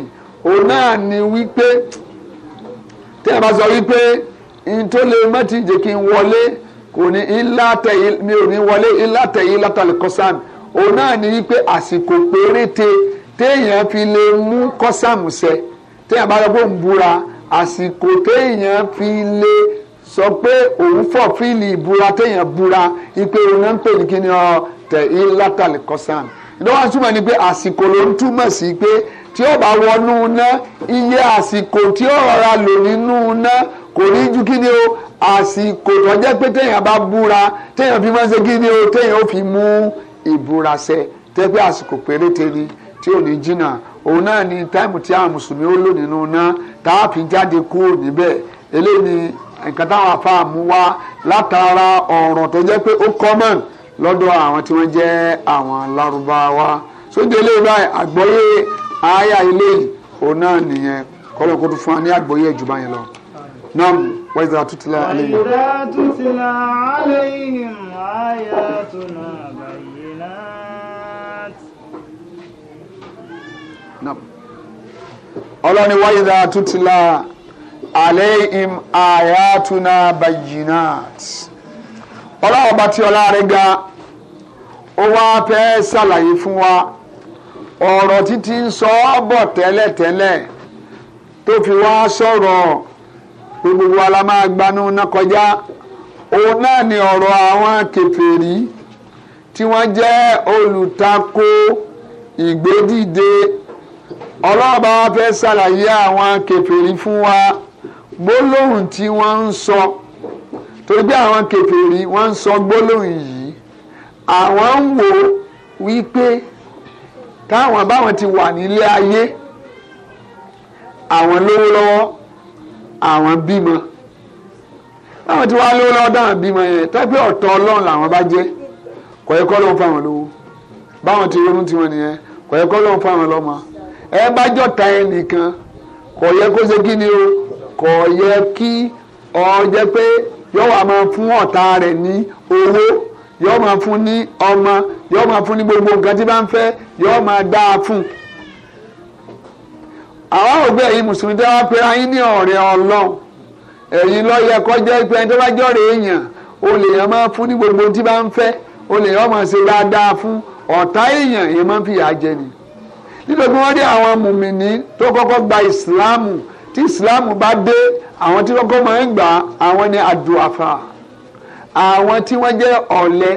òun náà ni wípé tẹ ẹ bá sọ wípé ntọ́lẹ̀ má ti jẹ́ kí n wọlé kò ní ilá tẹ̀ mi ò ní wọlé ilá tẹ̀ yìí látàlẹ̀ kọ́sàm òun náà ní wípé àsìkò péréte téèyàn fi lè mú kọ́sàm ṣẹ téèyàn bá lọ bó ń búra àsìkò téèyàn fi lè sọ pé òun fọ̀ fíìlì ìbúra téèyàn búra ipe òun náà ń pè ní kí ni ọ tẹ̀ látàlẹ̀ kọ́sàm ìdánwò àtúmọ̀ ni pé àsìkò ló ń túmọ̀ sí pé tí ó bá wọnú ná iye àsìkò tí ó rọra lò nínú ná kò ní ju kí ni o àsìkò tó jẹ́ pé téèyàn bá búra téèyàn fi máa ṣe kí ni o téèyàn ó fi mú ìbúra ṣẹ tẹ́ pé àsìkò péréte ni tí ò ní jìnnà òun náà ni táìmù tí àwọn mùsùlùmí ó lò nínú náà tá jáde kúrò níbẹ̀ eléyìí ni nǹkan táwọn afáàmù wá látara ọ̀ràn tó jẹ́ pé ó kọ́mọ̀ lọ́dọ̀ àwọn tí wọ́n jẹ́ àwọn lárúbáwá sójú eléyìí báyìí àgbọ́yé àáyá eléyìí òun náà nìyẹn kọ́lọ́kọ́ tó fún wa ní àgbọ́yé ìjùbá yẹn lọ. نعم وإذا تتلى عليهم ayatuna تتلى عليهم آياتنا بينات نعم ọlọ́ni ayatuna tútìlá àlẹ́yìn àyàtúná bayinat ọlọ́wọ́ bá tí ọlá rẹ̀ ga ó wá fẹ́ ṣàlàyé fún wa ọ̀rọ̀ títí ń sọ ọ́ bọ̀ tẹ́lẹ̀tẹ́lẹ̀ fi wá sọ̀rọ̀ pé gbogbo ala máa gbanú ná kọjá òun náà ni ọ̀rọ̀ àwọn kèfèrí tí wọ́n jẹ́ olùtakò ìgbédìde ọlọ́ọ̀bá wa fẹ́ ṣàlàyé àwọn kèfèrí fún wa gbólóhùn tí wọ́n ń sọ torí bí àwọn kèfèrí wọ́n ń sọ gbólóhùn yìí àwọn ń wò wípé táwọn báwọn ti wà nílé ayé àwọn lówó lọ́wọ́ àwọn bímọ táwọn tí wàá lówó lọ́wọ́ dáhùn bímọ yẹn tẹ́pẹ́ ọ̀tọ̀ ọlọ́run làwọn bá jẹ́ kò yẹ kọ́ ló ń fa àwọn lówó báwọn ti ronú tiwọn nìyẹn kò yẹ kọ́ ló ń fa àwọn lọ́mọ ẹ bá jọ̀ta ẹ nìkan kò kó ṣe kí ni o kò yẹ kí ọ jẹ́ pé yóò wá máa fún ọ̀tá rẹ̀ ní owó yóò máa fún ní ọmọ yóò máa fún ní gbogbo nǹkan tí bá ń fẹ́ yóò máa dáa fún un àwọn ògbé ẹ̀yin mùsùlùmí tẹ́ wá pé ayín ní ọ̀rẹ́ ọlọ́run ẹ̀yin ló yẹ kó jẹ́ pé ẹni tó bá jọ̀rọ̀ èèyàn o lè yàn máa fún ní gbogbo tí bá ń fẹ́ o lè yàn máa ṣe dáadáa fún ọ̀tá èèyàn èèyàn máa ń fìyà jẹ ni nítorí wọ́n rí àwọn mùmìnì tó kọ́kọ́ gba ìsìláàmù tí ìsìláàmù bá dé àwọn tí kọ́kọ́ máa ń gbà àwọn ni àdùàfà àwọn tí wọ́n jẹ́ ọ̀lẹ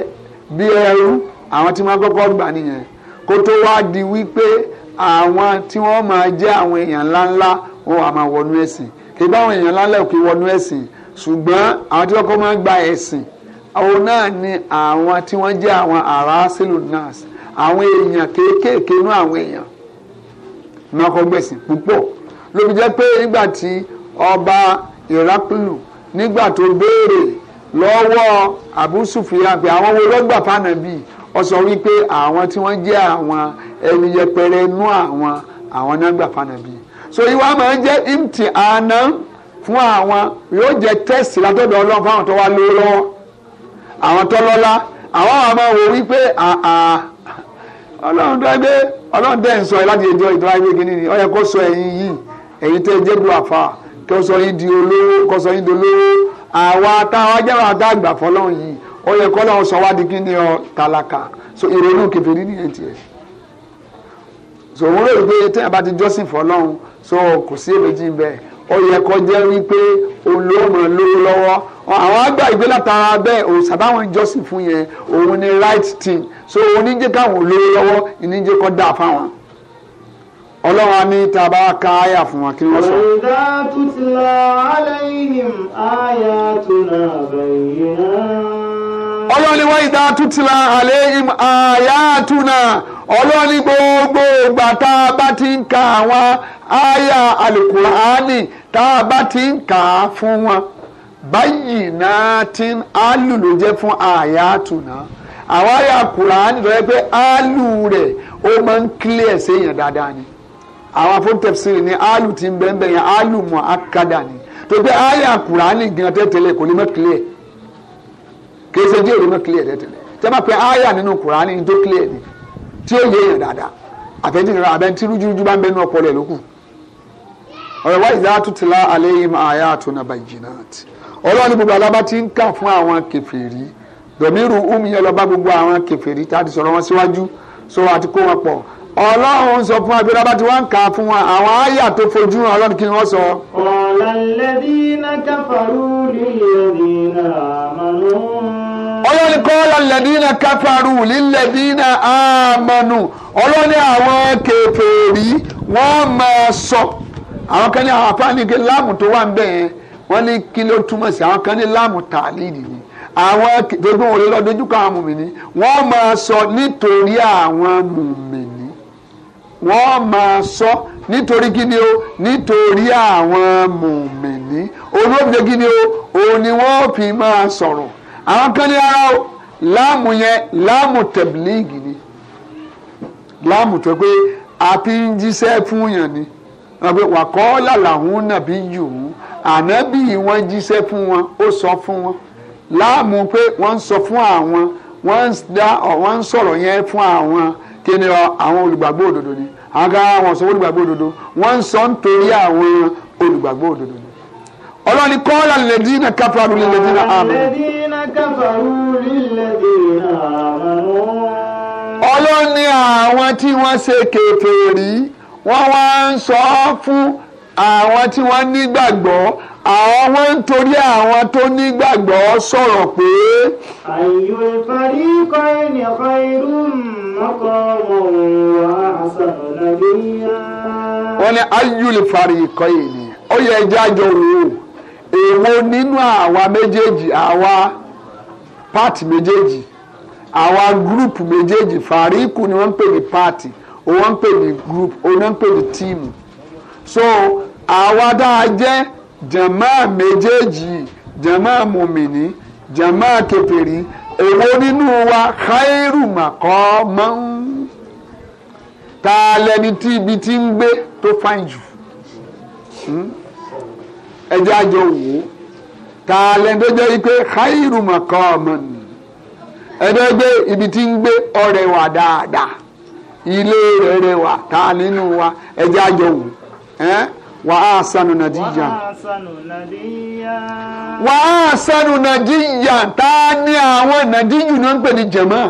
bí ẹrú àwọn tí wọ́n kọ́kọ́ gbà nìyẹn kó tó wá di wípé àwọn tí wọ́n máa jẹ́ àwọn èèyàn ńláńlá wọn wà máa wọnú ẹ̀sìn kì í bá àwọn èèyàn ńláńlá òkè wọnú ẹ̀sìn ṣùgbọ́n àwọn tí wọ́n kọ́ máa gba ẹ̀sìn àwọn náà ni àwọn tí wọ́n jẹ́ àwọn ará sílù nurse àwọn èèyàn kéékèèké inú àwọn èèyàn máa kọ́ gbẹ̀sìn púpọ̀ lóbi jẹ́ pé nígbà tí ọba ìrákùlù nígbà tó béèrè lọ́wọ́ àbúsùfìyà pé àwọn wo ló gbà fànàbí wọ́n sọ wípé àwọn tí wọ́n jẹ́ àwọn ẹni yẹpẹrẹ inú àwọn àwọn náà gbà so ìwà máa ń jẹ́ imti àná fún àwọn yóò jẹ́ tẹ́sì látọ̀dọ̀ ọlọ́run fáwọn tó wá lówó lọ́wọ́ àwọn tó lọ́lá àwọn àwọn máa wò wípé àà tó ẹgbẹ́ ọlọ́run dẹ́ ń sọ ẹ láti ẹjọ́ ìtura ẹgbẹ́ kìíní ni ó yẹ kó sọ ẹ̀yin yìí ẹ̀yin tẹ́ jẹ́ duafa kó sọ yín di olówó kó sọ yín di olówó àwa táwa jẹ́ àwọn àtàgbà fọlọ́run yìí ó yẹ kọ́ lọ́wọ́ sọ wá di kíni ọ tálákà so ìrònú kẹfìrí nìyẹn tiẹ̀ so òun rò pé téèyàn bá ti jọ́sìn fọlọ́run so kò sí èméjì bẹ́ẹ̀ ó yẹ kọ́ jẹ́ wípé olóòmọ lówó lọ́wọ́ àwọn àgbà ìgbélátara bẹ́ẹ̀ òòsà báwọn jọ́sìn fún yẹn òun ni right thing so oníjẹ́ káwọn olówó lọ́wọ́ ìníjẹ́ kọ́ dà fáwọn ọlọ́run á ní tá a bá ka àyà fún wa kí wọ́n sọ. ọ̀dà tutla alayhim ayatuna bayyinat ọlọ́ọ̀ni wọ́n ìdá tútìlá àlẹ́ àyàtúnà ọlọ́ọ̀ni gbogbo ìgbà tá a bá ti ń ka àwọn àyà àlùkùránì tá a bá ti ń kà á fún wọn báyìí náà ti ń álù ló jẹ́ fún àyàtúnà àwọn àyà kùránì tó pé álù rẹ̀ ó máa ń clear séèyàn dáadáa ni àwọn afọ́ntẹ́fsì ni álù ti ń bẹ́ẹ̀ bẹ́ẹ̀ yẹn álù mọ̀ akádà ni tó pé àyà kùránì gan tẹ́tẹ́lẹ̀ kò ní mọ́ clear kì í ṣe díẹ̀ lónà clear tẹ́tẹ̀lẹ̀ tẹ́ bá pẹ́ aya nínú Kùránì ní tó clear ni tí ó yé èèyàn dáadáa àfẹ́tí nira abẹ́ tí rújúrújú bá ń bẹnu ọpọlọ ẹ̀ lókù ọ̀rọ̀ wáyé ìdá tutula alayhim ayatuna bayyinat ọlọ́run gbogbo alábá ti ń kà fún àwọn kèfèrí dọ̀míru umi yẹn lọ bá gbogbo àwọn kèfèrí tá a ti sọ̀rọ̀ wọn síwájú so àti kó wọn pọ̀ ọlọ́run sọ fún abẹ́rẹ́ bá ti kà fún wa àwọn àyà tó fojú hàn ọlọ́run kí wọ́n sọ. ọ̀làlẹ́dínà káfàrú lílẹ̀ dínà àmàlùmọ́ ọlọ́ni kọ́lá lẹ́dínà káfàrú lílẹ́dínà àmọ́nù ọlọ́ni àwọn kèfèrí wọ́n máa sọ àwọn kan ní àwọn apáníke láàmù tó wà ń bẹ̀ yẹn wọ́n ní kí ló túmọ̀ sí àwọn kan ní láàmù tàlídì ni àwọn gbogbo òun lọ dojúkọ àwọn mùmìnì wọ́n máa sọ nítorí àwọn mùmìnì wọ́n máa sọ nítorí kíni o nítorí àwọn mùmìnì olóògbé kíni o òun ni wọ́n fi máa sọ̀rọ̀ àwọn kan ní ara o láàmù yẹn láàmù tẹ̀blíìgì ni láàmù tó pé àfi ń jíṣẹ́ fún yàn ni wọ́n pe wàkọ́ làlàhún nàbí yòówù ànábì wọn jíṣẹ́ fún wọn ó sọ fún wọn láàmù pé wọ́n ń sọ fún àwọn wọ́n ń sọ̀rọ̀ yẹn fún àwọn kí ni àwọn olùgbàgbọ́ òdodo ni àga wọn sọ olùgbàgbọ́ òdodo wọ́n ń sọ nítorí àwọn olùgbàgbọ́ òdodo ni ọlọ́ni kọ́lá lẹ́dí iná káfàrú lẹ́dí iná àmì. ọlọ́ni àwọn tí wọ́n ṣe kèfèrí wọ́n wá ń sọ fún àwọn tí wọ́n nígbàgbọ́ àwọn wọ́n ń torí àwọn tó nígbàgbọ́ sọ̀rọ̀ pé. àyò ìparí kọ́ ẹnìkan irú mọ́kọ́ ọ̀hún àṣà nàìjíríà. wọ́n ní ayúlẹ̀ fari kọ́ yìí ó yẹ ẹja jọ wò ó èwo nínú àwa méjèèjì àwa pati méjèèjì àwa gúrùpù méjèèjì fàríkù ni wọ́n ń pè ní pati òun ń pè ní gúrùpù òun ń pè ní tíìmù so àwa dáa jẹ́ jàmáà méjèèjì jàmáà mùmìnì jàmáà kèfèrí èwo nínú wa khairu màkọ́ máa ń ta lẹni tí ibi tí ń gbé tó fáìn jù. Hmm? ẹjẹ́ àjọ wò ó ta lẹ́nu tó jẹ́ wípé khairu maqaman ẹ̀dọ́ gbé ibi tí ń gbé ọ̀rẹ́ wà dáadáa ilé rẹ̀ wà ta nínú wa ẹjẹ́ àjọ wò ó wà á sanu nàdíjà wà á sanu nàdíjà ta ni àwọn nàdíjù náà ń pè ní jẹ̀mọ́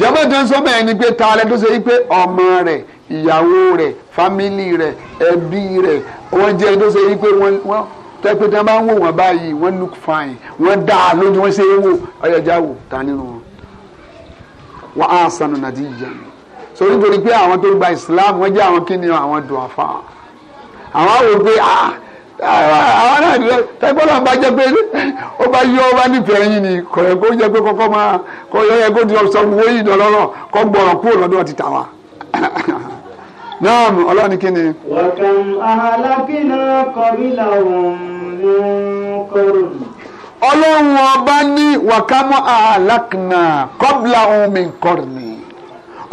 jẹ̀mọ́ tó ń sọ bẹ́ẹ̀ ni pé ta tó ṣe wípé ọmọ rẹ̀ ìyàwó rẹ̀ fámìlì rẹ̀ ẹbí rẹ̀ wọ́n jẹ́ tó ṣe yí pé wọ́n wọ́n tẹ́pẹ́ tí wọ́n bá ń wò wọ́n báyìí wọ́n look fine wọ́n dá a lójú wọ́n ṣe é wò ọ̀yọ̀já wò ta nínú wọ́n á sanu nàdí ìyá mi. so nítorí pé àwọn tó gba Islam wọ́n jẹ́ àwọn kíni àwọn dùn àfa. àwọn á wò pé ah, ah, àwọn náà ní tẹ́pẹ́ náà bá jẹ́ pé ó bá yọ nífẹ̀ẹ́ yín ni kò kó jẹ́ pé kọ́kọ́ máa kọ́ yọ kó ti náà Allah ni kini. kíni. wàkàn àhàlákìnà kọ́bílà òun ní kọ́rọ̀. ọlọ́run ọba ní wàkàmọ́ àhàlákìnà kọ́bílà òun mi kọ́rọ̀ ni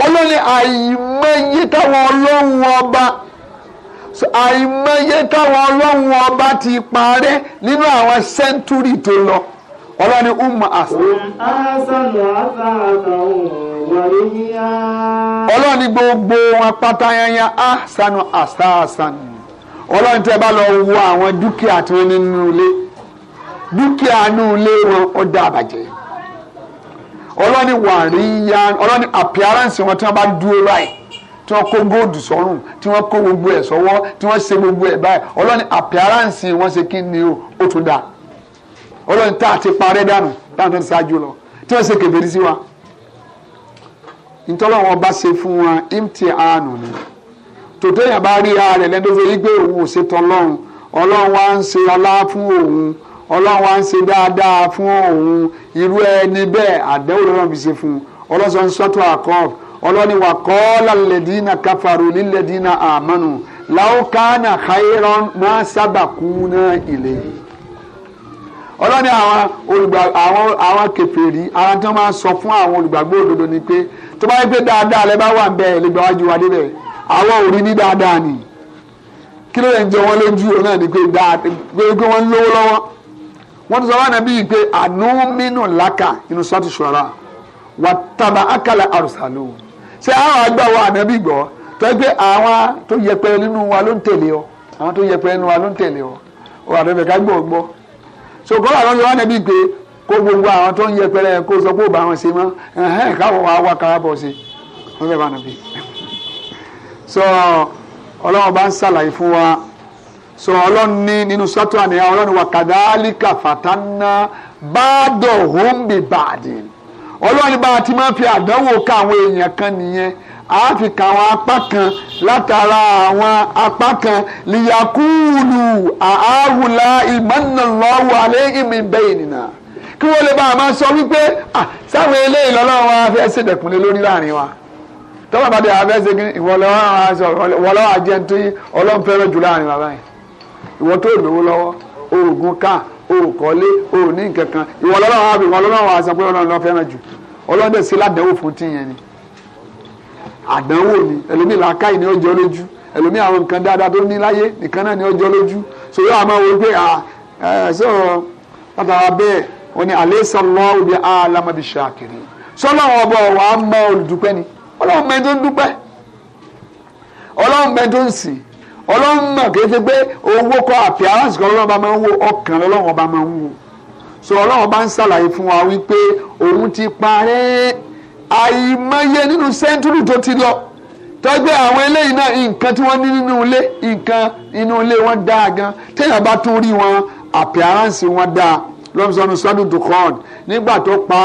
olórí àìmọye táwọn ọlọ́run ọba àìmọye táwọn ọlọ́run ọba ti parẹ́ nínú àwọn sẹ́ńtúrì tó lọ ọlọ́run umma asa. um asanu afa àtàwọn ọlọ́run ní gbogbo wọn pátá yányá á sanu àṣà àṣàn ọlọ́run tẹ́ bá lọ wo àwọn dúkìá tí wọ́n ní nínú ilé dúkìá nínú ilé wọn ó dá àbàjẹ́ ọlọ́run ní wàríyá ọlọ́run ní appearance wọn tí wọ́n bá dúró báyìí tí wọ́n kó góòdù sọ́rùn tí wọ́n kó gbogbo ẹ̀ sọ́wọ́ tí wọ́n ṣe gbogbo ẹ̀ báyìí ọlọ́run ní appearance wọn ṣe kí ni ó tún dáa ọlọ́run tá a ti parẹ́ dànù táwọn tó ń ṣáájú lọ tí wọ́n ṣe kèbèrè sí wa ntọ́lọ́wọ́n bá ṣe fún wọn imti àánú ni tòtò yẹn bá rí ara rẹ̀ lẹ́nu tó fi gbé òun ò ṣe tán lọ́run ọlọ́run wá ń ṣe ọlá fún òun ọlọ́run wá ń ṣe dáadáa fún òun irú ẹni bẹ́ẹ̀ àdẹ́wò lọ́run fi ṣe fún un ọlọ́sọ ń sọ́tọ̀ àkọ́ ọlọ́ni wà kọ́ lálẹ́dínà káfàrò lílẹ́dínà àmọ́nù làwọn kánà khairan máa sábà kú náà ìlẹ́yìn ọlọ́ni àwọn olùgbà àwọn àwọn kèfèrí àwọn tí wọ́n máa ń sọ fún àwọn olùgbàgbọ́ òdodo ni pé tó bá yẹ pé dáadáa lẹ bá wà ń bẹ ẹ lè gbà wájú wa débẹ̀ àwọn ò rí ní dáadáa ni kí ló lè ń jẹ wọn lójú ọ náà ni pé pé wọ́n ń lówó lọ́wọ́ wọ́n ti sọ wọn nàbí yìí pé àánú mínú làkà inú sọ́ọ̀tù ṣọ́ra wà tàbá àkàlà àrùsàlù ṣé àwọn àgbà wa so kọ́lá àwọn yóò wá nẹ́bí pé kó gbogbo àwọn tó ń yẹpẹrẹ kó sọ pé bá wọn ṣe mọ́ ẹ̀hẹ́n káwọn wá wá kárábọ̀ ṣe wọ́n fẹ́ bá nàbí. so ọlọ́run bá ń ṣàlàyé fún wa so ọlọ́run ní nínú sọ́tò àníyàn ọlọ́run wa kàdálíkà fàtánà bàdọ̀ hóńbì bàdì ọlọ́run bá ti máa fi àdánwò ká àwọn èèyàn kan nìyẹn a fi kà àwọn apá kan látara àwọn apá kan lìyàkúùlù àáwùlà ìmọ̀nàlọ́wọ́ alẹ́ ìmì bẹ́ẹ̀ nìyà kí wọ́n lè bá a máa sọ wípé sáwọn eléyìí lọ́lọ́run wa fẹ́ ṣèdẹ̀kùnlé lórí láàrin wa tọ́wọ́ bá dé abẹ́ ṣe kí ìwọlọ́wọ́ àjẹntì ọlọ́nfẹ́rẹ́ jù láàrin wa báyìí ìwọ tó lówó lọ́wọ́ oògùn ká òkọ́lé òní nǹkan kan ìwọlọ́wọ́ àbí ìwọlọ́wọ́ àṣà pé ọlọ́run lọ́fẹ́ràn jù ọlọ́dẹ̀ sí ládẹ́wò fún tíyẹn ni àdánwò ni ẹlòmíì làákàyè ni ó jọ lójú ẹlòmíì àwọn nǹkan dáadáa tó ní láyé nìkan náà ni ó jọ lójú so yóò àmọ́ wo pé à ẹ sọ látara bẹ́ẹ̀ wọn ni àlẹ́ sọlọ́ òbí alámọ̀bí ṣàkiri sọlọ́ ọbọ̀ wà á mọ olùdúpẹ́ ni ọlọ́run mẹ́ni tó ń dúpẹ́ ọlọ́run mẹ́ni tó ń sìn ọlọ́run mọ̀ kì í ṣe pé owó kọ́ àpè aláṣẹ kọ́ bá máa ń wo ọkàn ọlọ́run bá máa ń wo so ọlọ́run bá ń ṣàlàyé fún wa wípé òun ti parẹ́ àìmọye nínú sẹ́ńtúrì tó ti lọ tọ́gbẹ́ àwọn eléyìí náà nǹkan tí wọ́n ní nínú ilé nǹkan inú ilé wọn dáa gan téèyàn bá tún rí wọn àpẹ́ránsì wọn dáa lọ́mùsọ̀nù sọ́dún dùkọ́ọ̀n nígbà tó pa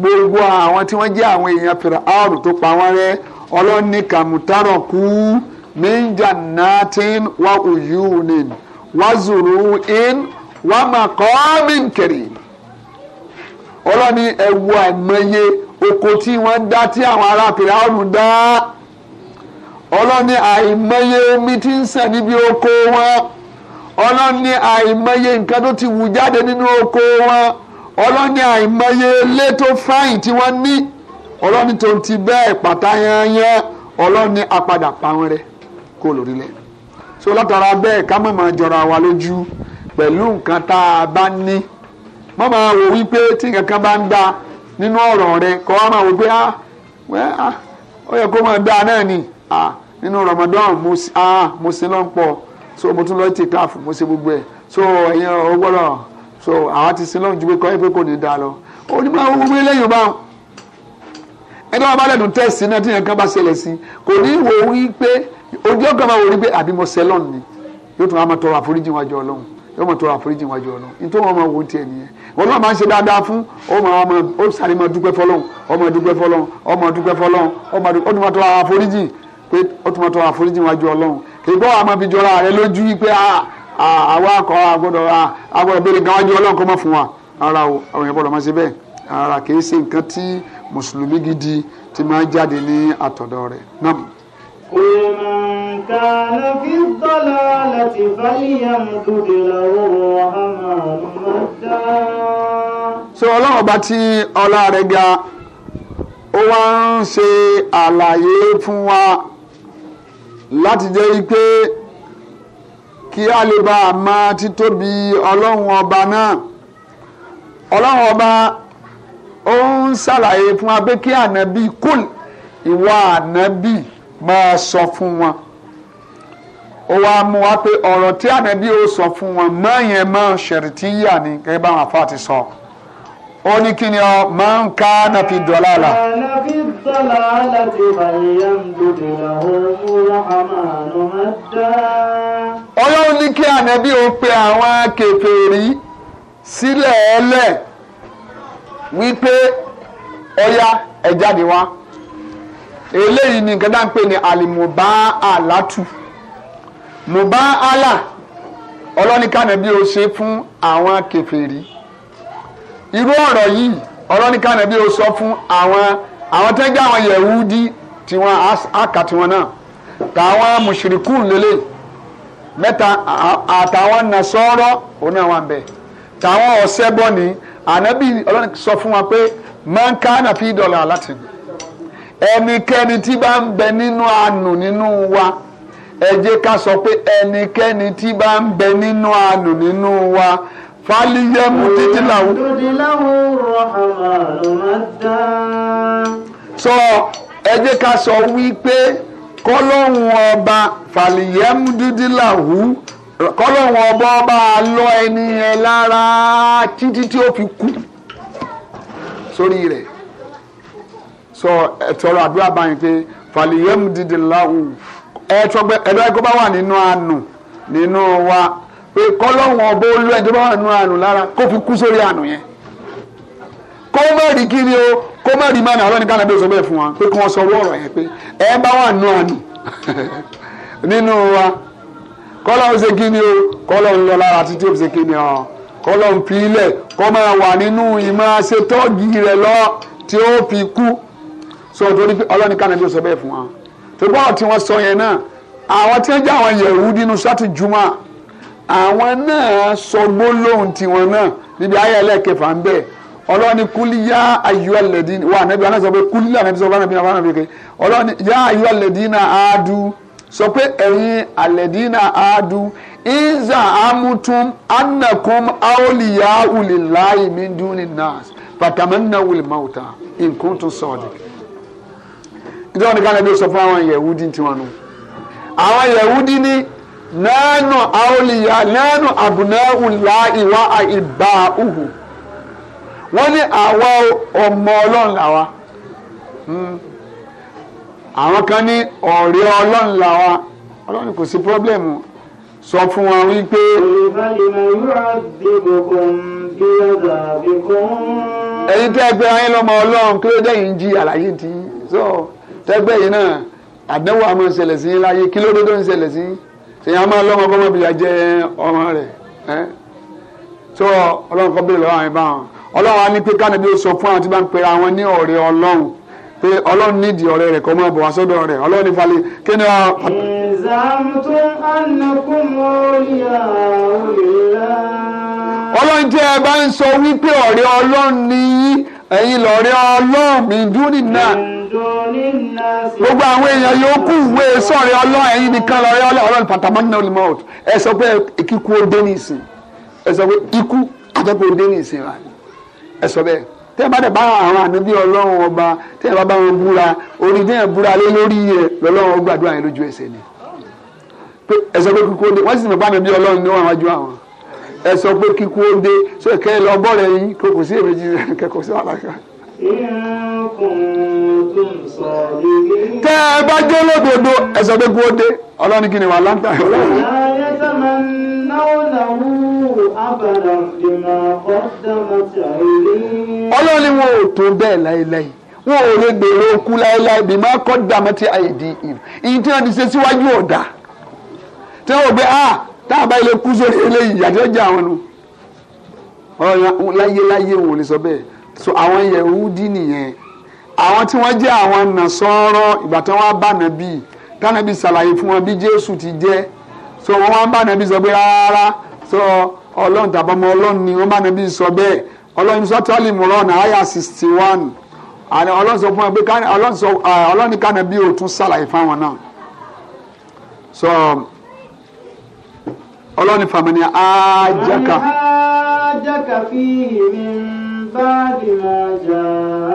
gbogbo àwọn tí wọ́n jẹ́ àwọn èèyàn fèrè áàrùn tó pa wọ́n rẹ́ ọlọ́ni kàmùtárọ̀ kú níjà nàtín wà òyùnìn wà zùrù in wà màkọ́ọ́mìn kẹrì ọlọ́ni ẹ̀wù àìmọye. oko tí wọ́n dá tí àwọn ará fìràwọ̀nù dá ọlọ́ni àìmọye omi tí ń sàn níbi oko wọn ọlọ́ni àìmọye nǹkan tó ti wù jáde nínú oko wọn ọlọ́ni àìmọye ilé tó fáyìn tí wọ́n ní ọlọ́ni tó ti bẹ́ẹ̀ pàtà yanyan ọlọ́ni apadà pàwọn rẹ kó so látara bẹ́ẹ̀ ká má máa jọra wa lójú pẹ̀lú nǹkan tá a bá ní má máa wò wípé tí nǹkan kan bá ń nínú ọ̀rọ̀ rẹ kọ́ ọ́ máa wò pé ah wẹ́ ah ó yẹ kó máa dáa náà ni ah nínú Ramadan mo ah mo sin lọ́n pọ̀ so mo tún lọ́ọ́ tì káàfù mo ṣe gbogbo ẹ̀ so ẹ̀yin ò gbọ́dọ̀ so àwa ti sin lọ́n ju pé kọ́ ẹ pé kò ní í dáa lọ ó ní máa wọ́n wọlé lẹ́yìn ọba ẹ̀dá wọn bá lẹ́nu tẹ́sí náà tí yẹn kan bá ṣẹlẹ̀ sí kò ní wò wí pé ojú ọ̀gá máa wò wí pé àbí mo ṣẹlọ́ọ̀ ni yóò tún wá máa tọrọ àforíjì wájú Ọlọ́run yóò mọ̀ tó àforíjì wájú ọ̀nà nítorí wọn máa wo tiẹ̀ nìyẹn wọn náà máa ń ṣe dáadáa fún ó máa ma ó sáré máa dúpẹ́ fọlọ́n ọmọ dúpẹ́ fọlọ́n ọmọ dúpẹ́ fọlọ́n ọmọ dúpẹ́ ọdún máa tó àforíjì pé ó tún máa tó àforíjì wájú ọlọ́run kìgbọ́ àwọn máa fi jọra rẹ lójú pé àwa kọ́ àgbọ̀dọ̀ àgbọ̀dọ̀ bẹ́ẹ̀ gan wájú ọlọ́run kọ́ mọ́ fún wa ara àwọn èèyàn bọ́dọ̀ máa ṣe bẹ́ẹ̀ ara kìí ṣe nǹkan tí mùsùlùmí gidi ti máa jáde ní àtọ̀dọ̀ rẹ̀ náà. كان في الضلالة فليمدد له الرحمن مدا so ọlọ́run ọba tí ọlá rẹ̀ ga ó wá ń ṣe àlàyé fún wa láti jẹ́ wípé kí a lè bá a máa títóbi ọlọ́run ọba náà ọlọ́run ọba ó ń ṣàlàyé fún wa pé kí ànábì kùn ìwà ànábì máa sọ fún wọn ó wá mú wa pé ọ̀rọ̀ tí ànábì ó sọ fún wọn mọ́ yẹn mọ́ ṣẹ̀rìtìyà ni gẹ́gẹ́ báwọn afá ti sọ ó ní kí ni ọ máa ń ká náà fi dọ̀là àlà. ọlọ́run ní kí ànábì ó pe àwọn kèfèrí sílẹ̀ ẹlẹ̀ wípé ọya ẹ̀ jáde wá eléyìí ni nǹkan dá ń pè ní àlìmọ̀bá àlátù mubahala ọlọ́nìkanàbí ó ṣe fún àwọn kèfèrí irú ọ̀rọ̀ yìí ọlọ́nìkanàbí ó sọ fún àwọn àwọn tẹ́gbẹ́ àwọn yẹ̀wúdí tiwọn àkà tiwọn náà tàwọn mùṣìríkù lélẹ̀ mẹ́ta àtàwọn nasọ́rọ́ oní àwọn àbẹ̀ tàwọn ọ̀sẹ́bọ̀ ni ànábì ọlọ́ni sọ fún wa pé máa ń ká dọ̀là láti ẹnikẹ́ni tí bá ń bẹ nínú àánú nínú wa ẹ jẹ́ ká sọ pé ẹnikẹ́ni tí bá ń bẹ nínú àánú nínú wa fàlíyẹ́mù títí làwọn. sọ ẹ jẹ́ ká sọ wípé kọ́lọ́hún ọba fàlíyẹ́mù dídí làwọn kọ́lọ́hún ọba ọba lọ ẹni yẹn lára títí tí ó fi kú sórí rẹ̀ sọ ẹ àdúrà báyìí pé fàlíyẹ́mù dídí làwọn ẹ̀ẹ́dọ́gbẹ́ ẹ̀ẹ́dọ́gbẹ́ bá wà nínú àánú nínú wa pé kọ́lọ́hún ọba olú ẹ̀jẹ̀ bá wà nínú àánú lára kó fi kú sórí àánú yẹn kó má rí kí ni o kó má rí mánà ọlọ́ni kánà bẹ́ẹ̀ sọ bẹ́ẹ̀ fún wa pé kí wọ́n sọ ọ̀rọ̀ yẹn pé ẹ bá wà nù àánú nínú wa kọ́lọ́hún ṣe kí o kọ́lọ́hún lọ lára títí ó fi ṣe kí o kọ́lọ́hún fi ilẹ̀ kó máa wà nínú ìmọ̀ ṣetọ́gì rẹ̀ lọ tí ó fi kú sọ torí tòbọ̀ tí wọ́n sọ yẹn náà àwọn tí wọ́n jẹ́ àwọn Yẹhudi nínú sátì juma àwọn náà sọ gbólóhùn tiwọn náà níbi ayé ẹlẹ́kẹfà ń bẹ̀ ọlọ́ni kúlí yá ayọ́ ẹlẹ́dí wà nẹ́bí wọn náà sọ pé kúlí là nẹ́bí sọ fún ànàbí wọn pé ọlọ́ni yá ayọ́ ẹlẹ́dí náà áádú sọ pé ẹ̀yin àlẹ́dí náà áádú ìzà amútún anakum aoliya ulilayi minduninas pàtàmínà wùlìmáwùtà nǹkan tún nítorí wọn ní káná bí ó sọ fún àwọn yẹ̀wúdí tiwọn nù àwọn yẹ̀wúdí ní nẹ́ẹ̀nù àwòlíyà nẹ́ẹ̀nù àbùnẹ́wùlá ìwà ìbá uhù wọ́n ní àwa ọmọ ọlọ́run làwa hmm. àwọn kan ní ọ̀rẹ́ ọlọ́run làwa ọlọ́run kò sí pírọ́blẹ̀mù sọ fún wọn wípé. ẹ̀yin tẹ́ ẹ gbé ayé lọ́mọ ọlọ́run kí ló dé yìí ń jí àlàyé tí so tẹ́gbẹ́ yìí náà àdánwò àmọ́ ìṣẹ̀lẹ̀ sí yín láyé kí ló dé tó ń ṣẹlẹ̀ sí yín ṣèyàn á máa lọ́mọ kọ́mọ bìyà jẹ ọmọ rẹ̀ ẹ́ tó ọlọ́run kọ́ bèrè lọ́wọ́ àwọn ìbá wọn ọlọ́run á ní pé káni bí ó fún àwọn tí bá ń pera wọn ní ọ̀rẹ́ ọlọ́run pé ọlọ́run nídìí ọ̀rẹ́ rẹ̀ kọ́ mọ́ ẹ̀bùn wá sọ́dọ̀ rẹ̀ ọlọ́run ní falẹ̀ kí ni ọ. ìzàmùtún ànàkùn ọ̀rìyà ọ̀rìyà. ọlọ́run tí ẹ bá ń sọ wípé ọ̀rẹ́ ọlọ́run ni ẹ̀yin lọ rí ọlọ́run mi dúró náà gbogbo àwọn èèyàn yòókù wé sọ̀rọ̀ ọlọ́run ẹ̀yin nìkan lọ rí ọlọ́run pàtàmọ́nà olùmọ̀ọ́t ẹ sọ pé kíkú ó dé nísìn ẹ sọ pé ikú àtọ́kùn ó dé nísìn rà ẹ sọ bẹ́ẹ̀ tẹ́ ẹ bá dẹ̀ bá àwọn ànábì ọlọ́run ọba tẹ́ ẹ bá bá wọn búra orí tẹ́ ẹ búra lé lórí yẹ lọ́lọ́run gbàdúrà yẹn lójú ẹsẹ̀ ni ẹ sọ pé kíkú ó wọ́n sì ẹ sọ pé kíkú ó dé ṣé kẹ́ ẹ lọ bọ́ọ̀rẹ̀ yín kò kò sí èméjì kẹ́kọ̀ọ́ sí àlàkà. tẹ́ ẹ bá jẹ́ lódodo ẹ sọ pé kú ó dé ọlọ́ni kí ni wà láǹtà ni wọn ò tó bẹ́ẹ̀ láéláé wọn ò lè gbèrò okú láéláé bí máa kọ́ dàmẹ́tì àìdí ìyí tí wọ́n ti ṣe síwájú ọ̀dà tí wọ́n gbé ah tá a bá ilé kú sórí eléyìí ìyàtọ̀ jẹ́ àwọn nu ọ̀rọ̀ wò lè sọ bẹ́ẹ̀ so àwọn yẹ̀húdí nìyẹn àwọn tí wọ́n jẹ́ àwọn nàṣọ́rọ́ ìgbà tí wọ́n bá nàbí tánàbí ṣàlàyé fún wọn bí Jésù ti jẹ́ so wọ́n wá ń bá nàbí sọ pé rárá so ọlọ́run tàbọ̀mọ ọlọ́run ni wọ́n bá nàbí sọ bẹ́ẹ̀ ọlọ́run sọ tọ́lì mùrọ̀nà àyà sixty one àná ọlọ́run sọ fún wọn pé ọlọ́run ní kánàbí ò tún ṣàlàyé fáwọn náà so ọlọ́ni fàmìlì ájáka. ájáka fi ìrìn báàgì máa jà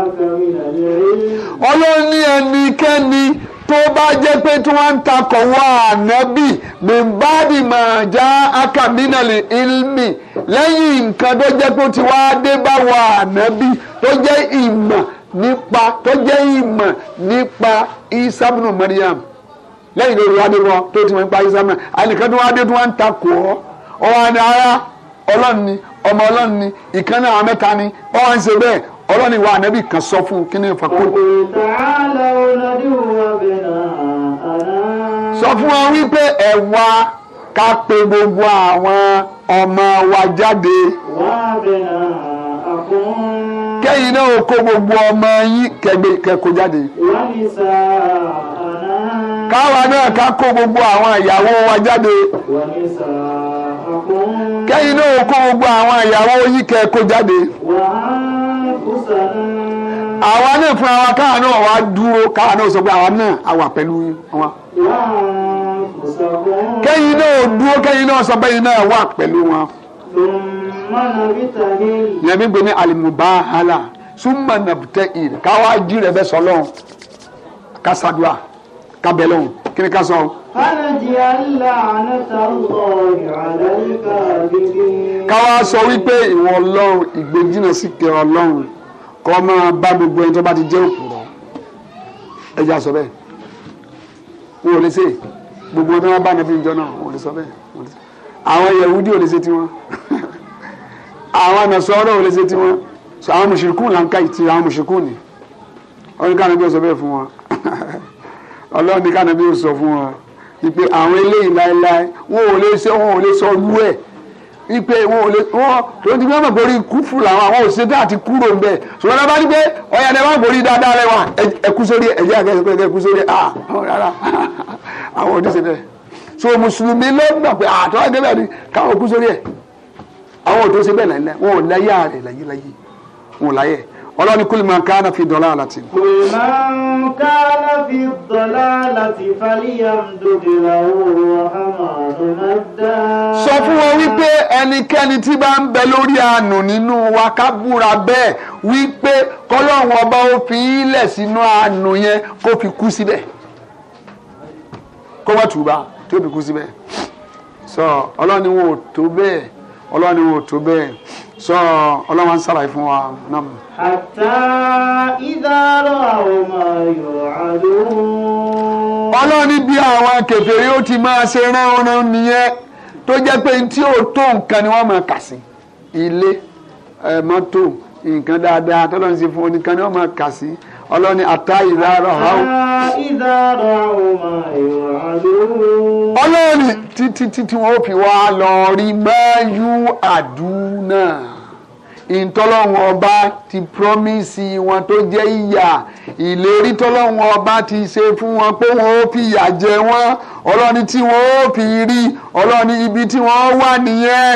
ákàwé nàìjíríà. ọlọ́ni ẹnikẹ́ni tó bá jẹ́ pé tí wọ́n ń takọ̀ wá ànábì mìbáàdì máa já akàmínàlì ilmi lẹ́yìn nǹkan tó jẹ́ pé tí wàá dé bá wá ànábì tó jẹ́ ìmọ̀ nípa tó jẹ́ ìmọ̀ nípa Isa ibn lẹ́yìn lórí wa dé wọn tó ti wọn pa ìsámà ànìkan tó dé tó wá ń takò ọ́ ọ̀hún ara ọlọ́run ni ọmọ ọlọ́run ni ìkànnì àwọn mẹ́ta ni ọ̀hún ṣe bẹ́ẹ̀ ọlọ́run ìwà ànábì kan sọ fún kí ni ìfàkó. sọ fún wọn wípé ẹ wá ká pe gbogbo àwọn ọmọ wa jáde. kẹ́yìn náà kó gbogbo ọmọ yín kẹ́gbẹ́ kẹ́kọ̀ọ́ jáde. wọ́n ní sáà káwa náà ká kó gbogbo àwọn ìyàwó wa jáde kẹ́yìn náà kó gbogbo àwọn ìyàwó yìí kẹ́ kó jáde àwa náà fúnra wa káà náà wá dúró káà náà sọ pé àwa náà àwà pẹ̀lú wọn kẹ́yìn náà dúró kẹ́yìn náà sọ pé yìí náà wà pẹ̀lú wọn yẹn mi gbé ní alimubahala súnmọ̀ nàbùtẹ́ ìrì káwá jí rẹ̀ bẹ́ sọ́lọ́ kásadúà kábẹ́ lọ́hùn kí ni ká sọ. káwa sọ wípé ìwọ ọlọ́run ìgbéjìnà sí kẹ ọlọ́run kọ́ máa bá gbogbo ẹni tó bá ti jẹ́ òpùrọ̀ ẹja sọ bẹ́ẹ̀ wọn ò lè ṣe gbogbo ọdún wọn bá nàbí ìjọ náà wọn ò lè sọ bẹ́ẹ̀ àwọn yẹwùdí ò lè ṣe tiwọn àwọn nàṣọ́rọ̀ ò lè ṣe tiwọn àwọn mùṣírikù là ń ká ìtì àwọn mùṣírikù ni wọn ní ká nàbí ọ̀sọ̀ bẹ́ẹ̀ fún wọn. ọlọ́run ní kánàbí ó sọ fún wọn wípé àwọn eléyìí láéláé wọn ò lè ṣe wọn ò lè sọ rú ẹ̀ wípé wọn ò lè wọn tó ti gbọ́n mọ̀ borí kúfù làwọn àwọn òṣèlú àti kúrò ń bẹ̀ ṣùgbọ́n náà bá ní pé ọ̀yà ni wọ́n borí dáadáa rẹ̀ wà ẹ̀kú sórí ẹ̀jẹ̀ àgẹ́sẹ̀ ẹ̀kú sórí ah, rárá àwọn òdìsẹ̀ bẹ́ẹ̀ so mùsùlùmí ló ń gbà pé àtọ́ ah, ẹ̀jẹ̀ bẹ́ẹ̀ ni káwọn òkú sórí ẹ̀ àwọn òdòṣe bẹ́ẹ̀ láyé wọn ò láyé ààrẹ láyé láyé ọlọ́ni kúlì máa ń ká náà fi dọ̀lá àlàtì. kùlì máa ń ká náà fi sọ fún wọn wípé ẹnikẹ́ni tí bá ń bẹ lórí àánú nínú wa ká búra bẹ́ẹ̀ wípé kọ́lọ́hún ọba ó fi ilẹ̀ sínú àánú yẹn kó fi kú síbẹ̀ kó wọ́n tùbà tó fi kú síbẹ̀ sọ ọlọ́ni wọn ò tó bẹ́ẹ̀ ọlọ́ni wọn tó bẹ́ẹ̀ sọ ọlọ́wọ́n sàlàyé fún wa náà. hatta idha ra'aw ma yu'adun. ọlọ́ọ̀ni bí àwọn kèfèrí ó ti máa ṣe rán ọ̀ràn nìyẹn tó jẹ́ pé tí ò tó nǹkan ni wọ́n máa kà sí ilé mọ́tò nǹkan dáadáa tọ́lọ́ ń ṣe fún oníkan ni wọ́n máa kà sí ọlọ́ni àtá ìdárọ̀ ọ̀hún. ìdárọ̀ ọ̀hún àdúrà. ọlọ́ni títí tí wọ́n fi wá lọ rí mẹ́yú àdúrà náà ìtọ́lọ́hún ọba ti promise wọn tó jẹ́ ìyà ìlérí tọ́lọ́hún ọba ti ṣe fún wọn pé wọn ó fi ìyà jẹ wọn ọlọ́ni tí wọn ó fi rí ọlọ́ni ibi tí wọn wà nìyẹn.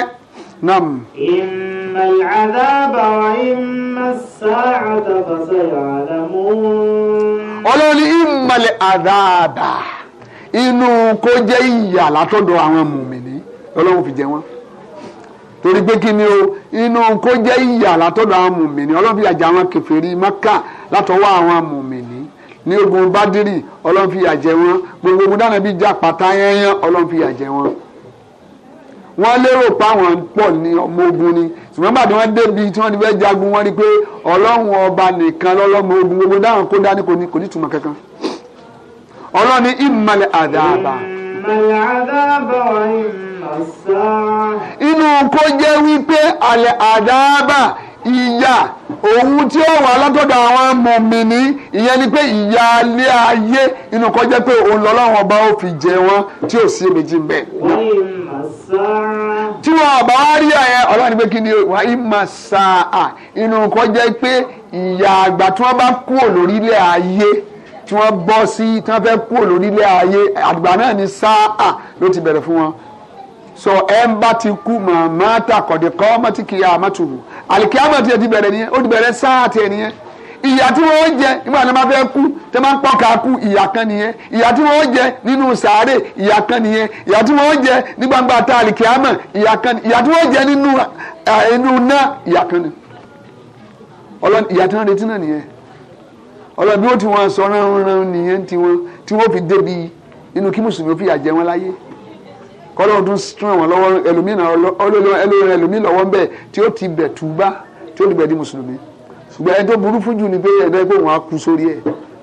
nam. إن العذاب وإما الساعة فسيعلمون. ọlọ́ni ìmọ̀lẹ̀ àdáàbà inú kó jẹ́ ìyà látọ̀dọ̀ àwọn mùmìnì ọlọ́run torí pé kí ni o inú kó jẹ́ ìyà látọ̀dọ̀ àwọn mùmìnì ọlọ́run fi yà jẹ àwọn kèfèrí Mákà látọwọ́ àwọn mùmìnì ní ogun fi wọn gbogbo ogun dáná bí jà pátá ọlọ́run fi wọn wọ́n lérò páwọn ń pọ̀ ní ogun ni ṣùgbọ́n bàdé wọ́n débi tí wọ́n ti fẹ́ wọ́n pé ọlọ́run ọba gbogbo kó dání kò inú kó jẹ́ wípé àlẹ́ àdáábà ìyà òun tí ó wà látọ̀dọ̀ àwọn mùmìnì ìyẹn ni pé ìyà alẹ́ ayé inú kó jẹ́ pé òun lọ́lọ́run ọba ó fi jẹ wọn tí ò sí èméjì mbẹ́. tí wọn àbá rí ẹ ọlọ́run ni pé kí ni wà á má sáà inú kó jẹ́ pé ìyà àgbà tí wọ́n bá kúrò lórílẹ̀ ayé tí wọ́n bọ́ sí tí wọ́n fẹ́ kúrò lórílẹ̀ ayé àgbà náà ni sáà ló ti bẹ̀rẹ̀ fún wọn so ẹ ń bá ti kú mọ̀ máa ta kọ̀dé kọ́ ọmọ tí kìí àmọ́ tù wù àlìkíyàmọ̀ tiẹ̀ ti bẹ̀rẹ̀ nìyẹn ó ti bẹ̀rẹ̀ sáà tiẹ̀ nìyẹn ìyà tí wọ́n jẹ nígbà tí wọ́n máa fẹ́ kú tí wọ́n máa ń pọ̀ka kú ìyà kan nìyẹn ìyà tí wọ́n jẹ nínú sàárè ìyà kan nìyẹn ìyà tí wọ́n jẹ ní gbangba ta àlìkíyàmọ̀ ìyà kan ìyà tí wọ́n jẹ nínú inú ná ìyà kan ni ọlọ́ni ìyà tí wọ́n retí náà nìyẹn ọlọ́ni bí wọ́n ti wọ́n sọ ránran nìyẹn tí wọ́n fi débi inú kí mùsùlùmí fi yà jẹ wọn láyé kọ́lọ́ ọdún tún àwọn lọ́wọ́ ẹlòmíì náà ọlọ́run ẹlòmíì lọ́wọ́ ń bẹ̀ tí ó ti bẹ̀ túbá tí ó ti bẹ̀ di mùsùlùmí ṣùgbọ́n ẹni tó burú fún jù ni pé ẹ̀dá ẹgbẹ́ òun á kú sórí ẹ̀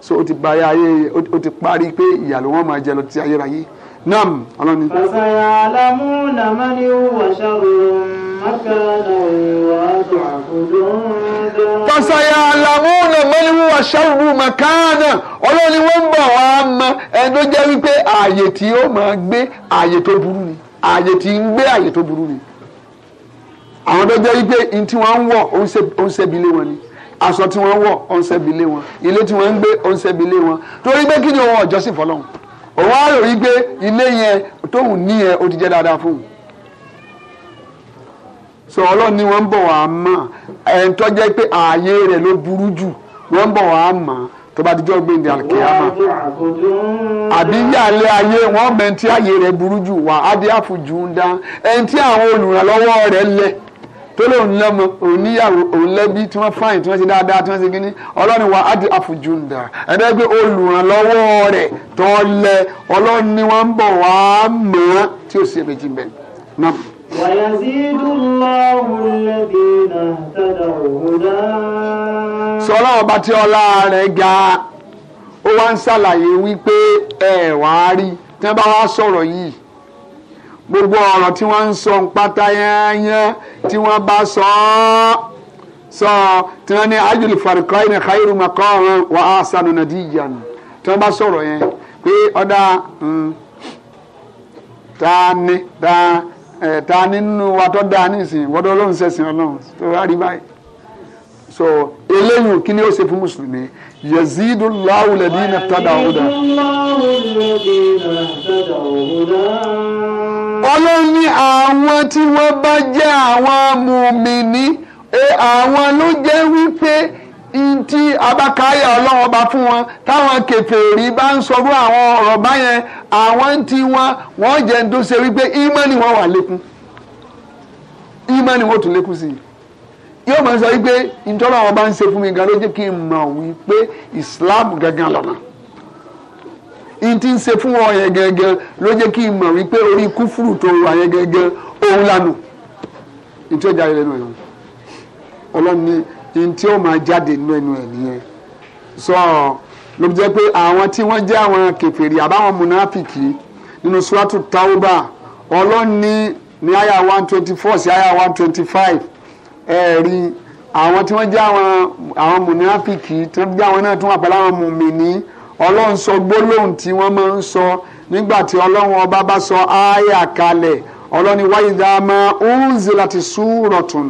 so ó ti parí ayé ó pé ìyà ló máa jẹ lọ ti ayérayé Nam ọlọ́ni. Fàṣàyà alámú nàmánì wàṣàrùn mákàlá ìwà àtọ̀ àkùdùn. Fàṣàyà alámú nàmánì wàṣàrùn mákàlá ọlọ́ni wọ́n ń bọ̀ wá mọ ẹni tó jẹ́ wípé ààyè tí ó máa gbé ààyè tó burú ni ààyè tí ń gbé ààyè tó burú ni. Àwọn tó jẹ́ wípé ní tí wọ́n ń wọ̀ ó ń ṣẹ́bi lé wọn ni aṣọ tí wọ́n ń wọ̀ ó ń ṣẹ́bi lé wọn ilé tí wọ́n ń gbé ó ń ṣẹ́bi lé wọn torí pé kí ni òun ọ̀jọ́sìn fọlọ́hún. òun á rò yí pé ilé yẹn ní yẹn ó ti jẹ́ dáadáa fún un so ọlọ́run ni wọ́n ń bọ̀ wá jẹ́ pé ààyè rẹ̀ ló burú jù wọ́n ń bọ̀ wá mọ̀ tó bá dijọ́ gbẹ̀ndẹ̀ àlùkìyàmà àbí yàlẹ́ ayé wọ́n mẹ́ntí ààyè rẹ̀ burú jù wà á ń tí àwọn tó lóun lọ́mọ òun níyàwó òun lẹ́bí tí wọ́n fáyìn tí wọ́n ṣe dáadáa tí wọ́n ṣe gíní ọlọ́run wa á di àfojúndà ẹgbẹ́ pé olùrànlọ́wọ́ rẹ̀ tó lẹ ni wọ́n ń bọ̀ wá mọ́ tí ó ṣe méjì sọlá ọba tí ọlá rẹ̀ ga ó wá ń ṣàlàyé wípé ẹ wàá rí tí wọ́n bá wá yìí gbogbo ọ̀rọ̀ tí wọ́n ń sọ pátá yányán tí wọ́n bá sọ ọ́ sọ tí wọ́n ní ajul farikain khairu maqaman wa ahsanu nadiyan tí wọ́n bá sọ̀rọ̀ yẹn pé ọ̀dà hmm, tani tani nínú wa tó dáa nísìnyí wọ́n tó lóun ṣẹ̀sìn ọlọ́run tó wá rí báyìí so eléyìí kí ni ó ṣe fún mùsùlùmí يزيد الله الذين اتبعوا هدى ọlọ́run ní àwọn tí wọ́n bá jẹ́ àwọn mùmíní àwọn ló jẹ́ wípé ntí abákáyà ọlọ́run ọba fún wọn táwọn kèfèrí bá ń sọ fún àwọn ọ̀rọ̀ báyẹn àwọn ntí wọn wọ́n jẹ́ ń tó ṣe wípé ìmọ̀ ni wọ́n wà lékún ìmọ̀ ni wọ́n tún lékún sí i yóò máa sọ wípé ntọ́lọ́ àwọn bá ń ṣe fún mi gan ló jẹ́ kí n mọ̀ wípé Islam gangan lọ́nà n ti ń ṣe fún ọ yẹn gangan ló jẹ́ kí n mọ̀ wípé orí kúfúrú tó wà yẹn gangan òun lánàá ntí ó jáde lẹ́nu ẹ̀ wọn ọlọ́ni ntí ó máa jáde lẹ́nu ẹ̀ nìyẹn sọ ló jẹ́ pé àwọn tí wọ́n jẹ́ àwọn kèfèrí àbáwọn munafiki nínú suratu tauba ọlọ́ni ní àyà one twenty four sí àyà one twenty five ẹ̀rí àwọn tí wọ́n jẹ́ àwọn àwọn mùnáfìkì tí wọ́n jẹ́ àwọn náà tí wọ́n àpẹẹrẹ àwọn mùmìnì ọlọ́run sọ gbólóhùn tí wọ́n máa ń sọ nígbà tí ọlọ́run ọba bá sọ ááyà kalẹ̀ ọlọ́ni wáyé dáama ounze láti súrọ̀tún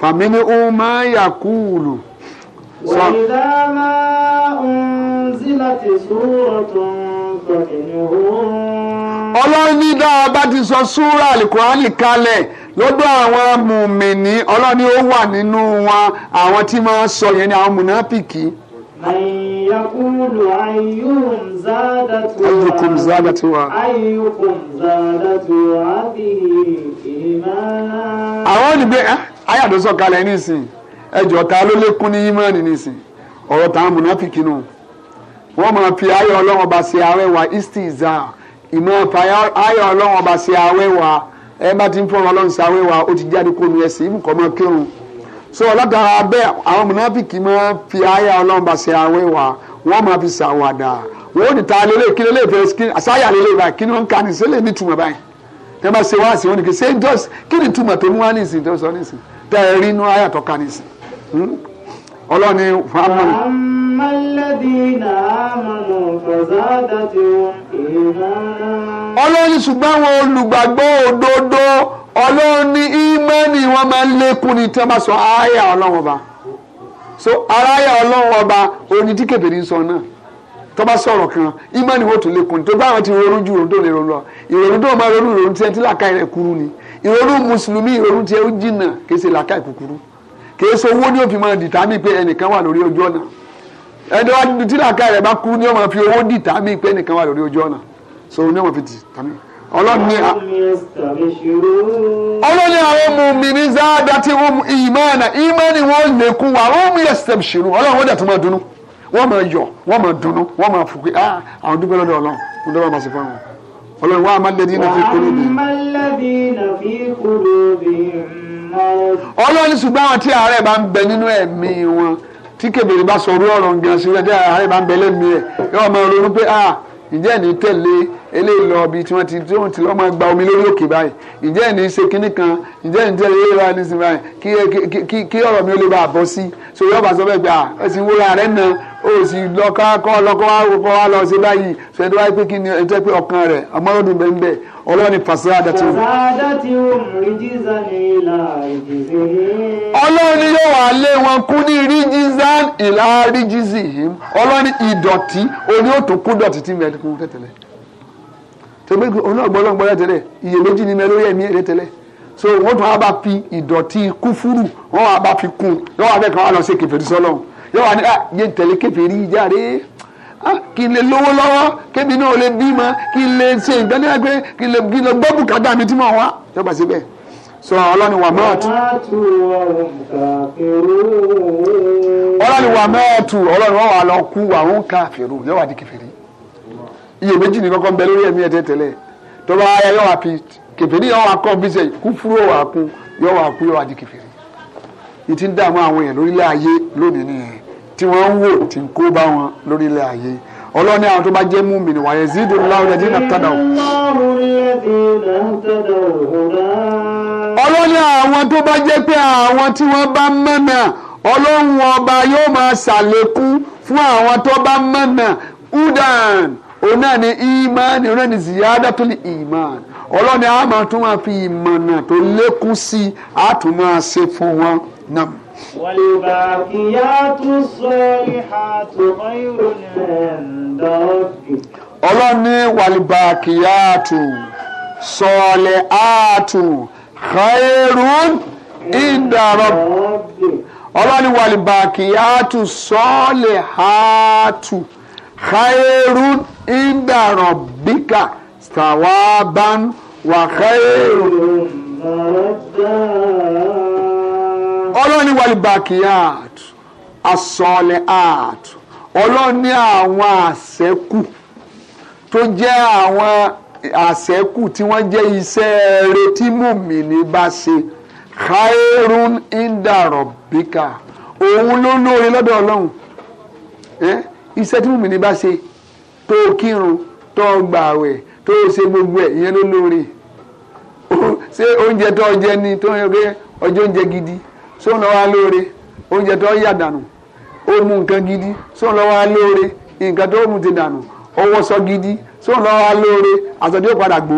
fàmílì ọmọ yakulu. wáyé dáama ounze láti dáa bá ti sọ súrà àlùkò ánì kalẹ̀. lọ́dọ̀ àwọn mùmìnì ọlọ́ni ó wà nínú wọn àwọn tí máa sọ yẹn ni àwọn mùnàfìkì. Ayyukum zadatu wa. Ayyukum zadatu wa bí ìmáà. Àwọn olùgbé ayàdọ́sọ̀ kalẹ̀ nísìn ẹjọ́ ta ló lékún ní ìmọ̀ọ́nì nísìn ọ̀rọ̀ táwọn mùnàfìkì nù. Wọ́n máa fi ayọ̀ ọlọ́run ọba ṣe àwẹ̀wà istiza ìmọ̀ ayọ̀ ọlọ́run ọba ṣe àwẹ̀wà. ẹ bá ti ń fọ̀rọ̀ ọlọ́run sáwé wa ó ti jáde kó nu ẹ̀sìn ibùkọ́ máa kírun so látara bẹ́ẹ̀ àwọn mùnàfíkì máa fi àyà ọlọ́run bá ṣe àwé wa wọ́n máa fi ṣàwàdà wọ́n ò ní ta lélẹ̀ kí lélẹ̀ fẹ́ kí lélẹ̀ báyìí kí ni wọ́n ń ka ní sílẹ̀ ní túmọ̀ báyìí tẹ́ bá ṣe wá sí wọn ni kí ṣé kí ni túmọ̀ tó mú wá nísìnyí tó sọ nísìnyí tẹ́ ẹ rí inú àyà ka nísìnyí. Hmm? ọlọ́run ni fáwọn. amálẹ́dínà àmọ̀nà fọ̀sádà tí wọ́n ìhà. ọlọ́run ṣùgbọ́n àwọn olùgbàgbọ́ òdodo ọlọ́run ní ímánì wọn máa ń lékún ní tí àáyà ọlọ́run ọba so aráyà ọlọ́run ọba onídìí kèbèrè ń sọ náà tọ́ba sọ̀rọ̀ kan ìmánì wọ́n tó lékún tó bá àwọn ti ronú ju ìrònú tó lè ronú lọ ìrònú tó máa ronú ìrònú tiẹ̀ tí làákàyè rẹ̀ kúrú ni ìrònú mùsùlùmí ìrònú tiẹ̀ ó jìnnà kì í ṣe làákàyè kúkúrú kìí ṣe owó ni ó fi máa dìtámì pé ẹnìkan wà lórí ojú ọ̀nà ẹni wá tí làákà rẹ̀ bá kú ni ó máa fi owó dìtámì pé ẹnìkan wà lórí ojú ọ̀nà so ni ó máa fi dìtámì ọlọ́run ní ọlọ́run ní àwọn mùmíní záadá tí wọ́n ìmáàna ìmáàni wọ́n lékún wa wọ́n mú yẹsẹ̀ ṣìrù ọlọ́run wọ́n dẹ̀ tó wọ́n máa yọ̀ wọ́n máa dunnú wọ́n máa fùkú ah àwọn dúpẹ́ lọ́dọ̀ ọlọ́run mo dọ́wọ́ máa ṣe fún wọn ọlọ́run wọ́n á máa lẹ́dí náà fi kúrò bí. wọ́n á máa lẹ́dí náà fi kúrò bí ọlọ́run ní ṣùgbọ́n àwọn tí àárẹ̀ bá ń bẹ nínú ẹ̀mí wọn tí kébèrè bá sọ orú ọ̀rọ̀ nǹkan sí ẹ̀jẹ̀ àárẹ̀ bá ń bẹ lẹ́mí ẹ̀ yóò máa ronú pé ah ǹjẹ́ ní tẹ̀lé eléyìí lọ ibi tí wọ́n ti tí wọ́n ti lọ́ọ́ máa gba omi lórí òkè báyìí ǹjẹ́ ní ṣe kínní kan ǹjẹ́ ní tẹ̀lé eléyìí wá nísìnyí báyìí kí kí kí ọ̀rọ̀ mi ò lè bá a bọ́ sí so yóò bá sọ bẹ́ẹ̀ pé ah ẹ ti wo ara rẹ̀ náà o sì lọ́kọ́ lọ́kọ́ wá lọ sí báyìí so ẹni wáyé pé kí ni ẹ jẹ́ pé ọkàn rẹ̀ ọmọlọ́dún bẹ́ẹ̀ bẹ́ẹ̀ ọlọ́ni fasada tí wọ́n. fasada tí wọ́n ríjìzá ní ìlà ríjìzì yìí. ọlọ́ni yóò wá lé wọn kú ní ríjìzá ìlà ríjìzì yìí ọlọ́ni ìdọ̀tí orí òtún kú dọ̀tí tí mẹ́rin kú tẹ̀tẹ̀lẹ̀. tẹ̀lé ọlọ́gbọ́n ọlọ́gbọ́n tẹ̀tẹ̀lẹ̀ iye méjì ni mẹ́rin lórí ẹ̀mí ẹ̀rẹ́ tẹ̀lẹ̀ so wọ́n tún wá bá fi ìdọ̀tí kúfúrú wọ́n wá bá fi kún yọ Ah, kí n lè lówó lọ́wọ́ kébi náà lè bímọ kí n lè ṣe nǹkan ní ẹgbẹ́ kí n lè gbọ́ bùkátà mi tí mo wá jọba síbẹ̀ sọ ọlọ́ni wà mọ́ọ̀tù. ọlọ́ni wà mọ́ọ̀tù ọlọ́ni wọ́n wà lọ kú àwọn káfíìrù yóò wà di kẹfìrí iye méjì ní kọ́kọ́ ń bẹ lórí ẹ̀mí ẹ̀ tẹ́tẹ́lẹ̀ tó bá yẹ yóò wà pí kẹfìrí yóò wà kọ́ bí sẹ́ kú fúró wà kú yóò wà kú yóò wà di kẹfìrí ìtì ń dààmú àwọn èèyàn lórílẹ̀ ayé lónìí nìyẹn tí wọ́n ń wò tí ń kó bá wọn lórí ilẹ̀ ayé ọlọ́run ní àwọn tó bá jẹ́ mú mi ní wàyẹ̀ zidu láwọn ẹ̀dín náà tàdà o. ọlọ́run ní àwọn tó bá jẹ́ pé àwọn tí wọ́n bá mọ̀nà ọlọ́run ọba yóò máa ṣàlékún fún àwọn tó bá mọ̀nà udan òun náà ni imani òun náà ni ziyada tó ní imani ọlọ́run ní àwọn tó máa fi ìmọ̀nà tó lékún sí i àtúnmọ̀ ṣe fún wọn náà. والباقيات الصالحات خير عند ربك ọlọ́ni wàlìbàkìyàtù sọ̀lẹ̀ àtù khairun ìdàrọ̀ ọlọ́ni wàlìbàkìyàtù sọ̀lẹ̀ àtù khairun ìdàrọ̀ bíkà tàwábán wà khairun ọlọ́run ní walibakiyat asọ́lẹ̀at ọlọ́run ní àwọn àṣẹ́kù tó jẹ́ àwọn àṣẹ́kù tí wọ́n jẹ́ iṣẹ́ rere tí mùmíní bá ṣe khairun indarobika òun ló lóore lọ́dọ̀ ọlọ́run iṣẹ́ tí mùmíní bá ṣe tó kírun tó gbààwẹ̀ tó ṣe gbogbo ẹ̀ ìyẹn ló lóore ṣé oúnjẹ tó jẹ ni tó yẹ pé ọjọ́ oúnjẹ gidi sóun wá lóore oúnjẹ tó yà dànù ó mu nǹkan gidi sóun wá lóore nǹkan tó mu ti dànù ọwọ́ sọ gidi sóun wá lóore àṣọ tí ó padà gbó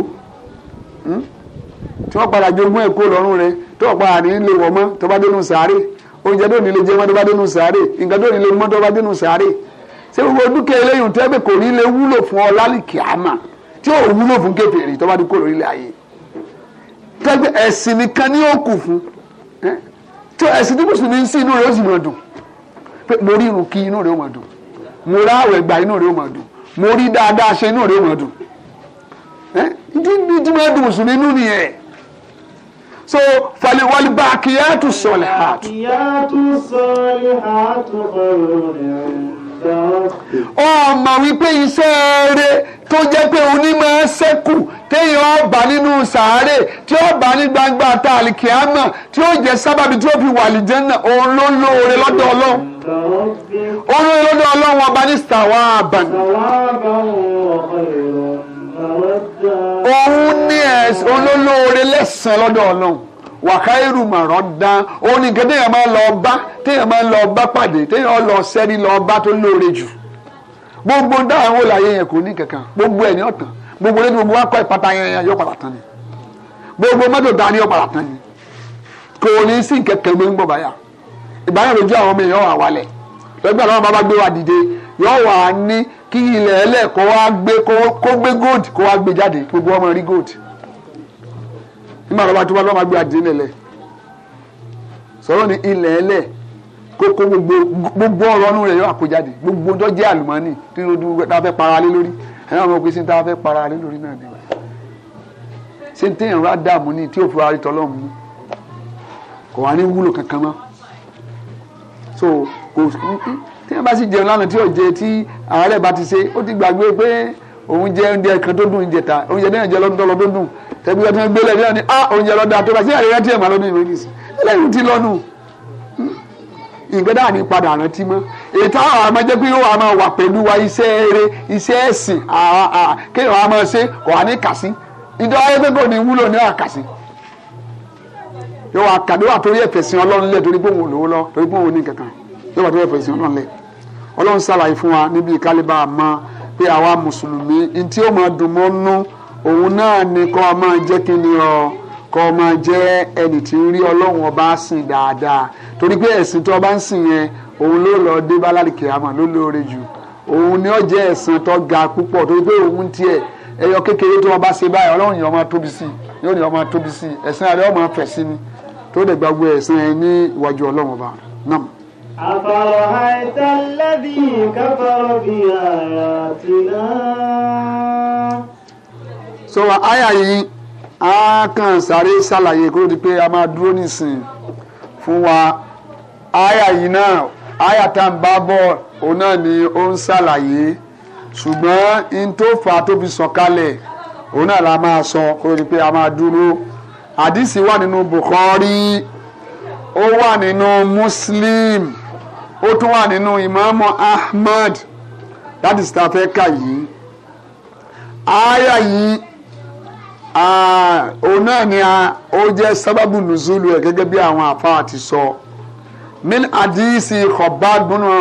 hmm? tí wọ́n padà jogún ẹ̀ kó lọ́rùn rẹ tó padà ní lè wọ̀ mọ́ tó bá dénú sàárè oúnjẹ tó ní lè jẹ mọ́ tó bá dénú sàárè nǹkan tó ní lè mọ́ tó bá dénú sàárè ṣé gbogbo dúkìá eléyìí tẹ́bẹ̀ kò ní lè wúlò fún ọ lálìkì àmà tí ò wúlò fún kèfèrí tó bá dé kó lórílẹ̀ ayé tẹ́gbẹ́ ẹ̀sìn nìkan ní ó kù fún tó ẹ̀sìn tí mùsùlùmí ń sìn inú rẹ̀ ó sì máa dùn pé mo rí irun kí inú rẹ̀ ó máa dùn mo rá àwẹ̀ gbà inú rẹ̀ ó máa dùn mo rí dáadáa ṣe inú rẹ̀ ó máa dùn ndí ní tí máa dùn mùsùlùmí inú nìyẹn so falẹ̀ wálé bá kíyàtú sọ̀lẹ̀ hàtú. kíyàtú sọ̀lẹ̀ hàtú ọ̀rọ̀ rẹ̀ ọmọ wípé iṣẹ́ eré tó jẹ́ pé onímọ̀ ṣẹ́kù téèyàn ọba nínú sàárè tí ó bá ní gbangba tá àlìkíámà tí ó jẹ́ sábàbí tí ó fi wà lìjẹ́nà òun ló lóore lọ́dọ̀ ọlọ́run òun lóore lọ́dọ̀ ọlọ́run ọba ní sàwọn àbànú òun ní ẹ̀sìn olólóore lẹ́sàn-án lọ́dọ̀ ọlọ́run. wàkàírù màrọ̀ dán òun ni nǹkan téèyàn máa lọ bá téèyàn máa lọ bá pàdé téèyàn lọ sẹ́rí lọ bá tó lóore jù gbogbo dáhùn wò láyé yẹn kò ní kankan gbogbo ẹ̀ ní gbogbo lẹ́nu gbogbo akọ ìpàtà yẹn yẹn yóò gbogbo mọ́tò ni kò ní sí nǹkan ń báyà ìbáyà lójú àwọn ọmọ wà wálẹ̀ lọ́gbà gbé wa dìde gold kó wá gbé jáde gbogbo ọmọ gold nígbà tó bá tó bá lọ́ọ́ máa gbé adìẹ lẹ̀lẹ̀ sọ̀rọ̀ ní ilẹ̀ ẹlẹ̀ kókó gbogbo gbogbo ọ̀rọ̀ ọ̀nù rẹ̀ yóò àkójáde gbogbo tó jẹ́ àlùmọ́nì tí o dúró tá a fẹ́ para lé lórí ẹ̀rọ àwọn òpin sí tá a fẹ́ para lé lórí náà ni ṣé téèyàn rà dààmú ni tí òfurufú arí tọ́lọ́ mú kò wá ní wúlò kankan mọ́ so kò téèyàn bá sì jẹun lánàá tí ò jẹ tí àárẹ̀ bá ti ṣe ó ti gbàgbé pé òun jẹ oúnjẹ kan tó dùn oúnjẹ ta oúnjẹ náà jẹ lọ́dún tọ́lọ́ tó dùn tẹ̀gbí ẹ̀ tó ń gbélé náà ni ah oúnjẹ lọ́dún àtọ́ka sí àyẹ̀yẹ́ tiẹ̀ máa lọ́dún ìwé nìsí ẹlẹ́yìn ti lọ́nu ìgbẹ́dá ni padà rántí mọ́ ètò àwọn àmọ́ jẹ́ pé yóò máa wà pẹ̀lú wa iṣẹ́ eré iṣẹ́ ẹ̀sìn kéèyàn wa máa ṣe kò wá ní kàsí ìjọ ayé pé kò ní wúlò ní àkàsí yóò wá kàdé wà torí ẹ̀fẹ̀ sin ọlọ́run lẹ̀ torí pé òun ò lówó lọ torí pé òun ò ní kankan yóò wá torí ẹ̀fẹ̀ sin ọlọ́run lẹ̀ ọlọ́run ṣàlàyé fún wa níbi ìkálíbà máa pé àwa mùsùlùmí ntí ó máa dùn mọ́ nú òun náà ni kọ́ ọ máa jẹ́ kí ni ọ kọ́ ọ máa jẹ́ ẹnì tí ń rí ọlọ́run ọba sìn dáadáa torí pé ẹ̀sìn tó ọba ń sìn yẹn òun ló lọ dé bálárìkì àmọ́ ló lóore jù òun ni ó jẹ́ ẹ̀sìn tó ga púpọ̀ torí pé òun tiẹ̀ ẹyọ kékeré tó ọba ṣe báyìí ọlọ́run yẹn ọmọ tóbi sí yóò ní ọmọ tóbi sí ẹ̀sìn àrẹ ọmọ fẹ̀ sí ni tó dẹ̀ gbàgbé ẹ̀sìn ẹ ní iwájú ọlọ́run ọba náà. أفرأيت الذي كفر بآياتنا so àyà yìí a kan sáré ṣàlàyé kó di pé a máa dúró nísìn fún wa àyà yìí náà àyà tá à bá bọ̀ òun náà ni ó ń ṣàlàyé ṣùgbọ́n n tó fà á tó fi sọ̀kalẹ̀ òun náà la máa sọ kó di pé a máa dúró àdìsí wà nínú Bukhari ó wà nínú Muslim ó tún wà nínú ìmáàmù Ahmad láti sitafẹ́ kà yìí Aya yìí òun náà ni ó jẹ́ sábàbù nùzúlù ẹ̀ gẹ́gẹ́ bí àwọn àfáà ti sọ min àdìsí Khabbab bùnú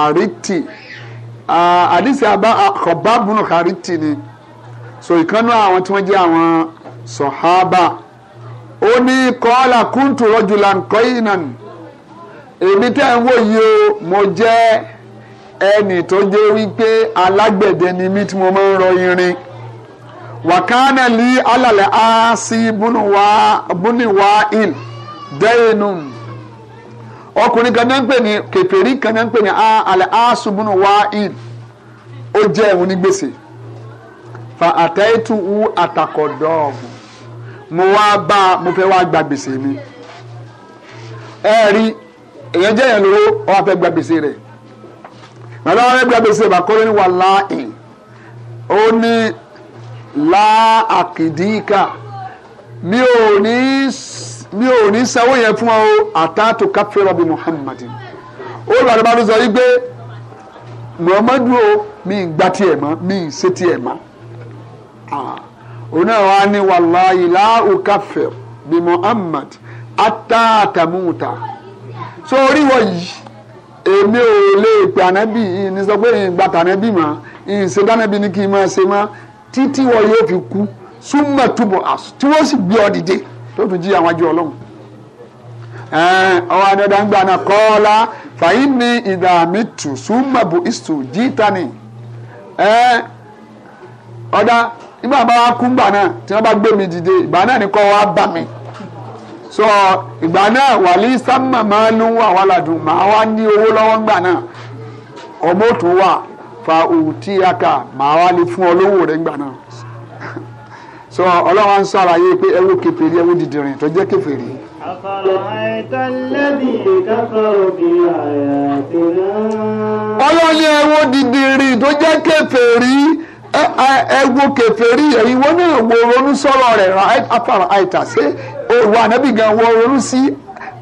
àrítì àdìsí Khabbab bùnú àrítì ni so ìkànnú àwọn tí wọ́n jẹ́ àwọn sọ̀hábà ó ní kọ́ọ́là kúntù rọ́jùlá nkọ́yìnàn. So, èmi tẹ́ ń wò yìí o mo jẹ́ ẹnì tó jẹ́ wípé alágbẹ̀dẹ ni mí tí mo máa ń rọ irin wàkánà lí alàlẹ́ á sí búniwá il dẹ́yìnú ọkùnrin kan náà ń pè ní kèfèrí kan náà ń pè ní alẹ́ á sí búniwá il ó jẹ́ ẹ̀hún ní gbèsè fa àtẹ́tù wú àtàkọ̀dọ́ ọ̀hún mo wá bá mo fẹ́ wá gba gbèsè mi ẹ̀rí. Eh, èyàn jẹ́ èyàn lówó ó wá fẹ́ gba gbèsè rẹ̀ màdá wọn gba gbèsè rẹ̀ bàkọ́ lórí wa láàyè ó ní láàkìdíkà mi ò ní mi ò ní sanwó yẹn fún ọ àtàtò káfíńrọ̀ bíi Muhammadin ó lọ́dọ̀ bá ló sọ yí pé Muhammadu o mi ń gba tiẹ̀ mọ́ mi ń ṣe tiẹ̀ mọ́ òun náà wá ní wàláyé láàkàfẹ́ bíi Muhammad àtàtàmúta so orí wọ yìí èmi ò lè pè ànábì yìí ní sọ pé ìgbà tànábì mà ìṣe ni kì í máa ṣe má títí wọ yóò fi kú súnmọ́ túbọ̀ àṣù tí wọ́n sì gbé ọ dìde tó tún jí àwọn àjọ ọlọ́run ọwọ́ adandan gba náà kọ́ọ́lá fàyín ní ìdààmú tù súnmọ́ bù ìṣù jítani ọ̀dà ìgbà bá wà kú gbà náà tí wọ́n bá gbé mi dìde ìgbà náà ni kọ́ wa bá mi so ìgbà náà wàlí sámà máa ń wà wà ládùn máa wá ní owó lọ́wọ́ ńgbà náà ọmọ tó wà fa òtí aka máa wá lè fún ọ lówó ńgbà náà so ọlọ́wọ́n ń sàlàyé pé ẹ wo kèfèrí ẹ wo dìdìrín tó jẹ́ kèfèrí. ọlọ́ni ẹ wo dìdìrín tó jẹ́ kèfèrí ẹ wo kèfèrí ẹ̀yin wọ́n náà wo ronú sọ́rọ̀ rẹ̀ ra àfàrà àìtà ṣé wa anabi gan wɔ ɔrɔ si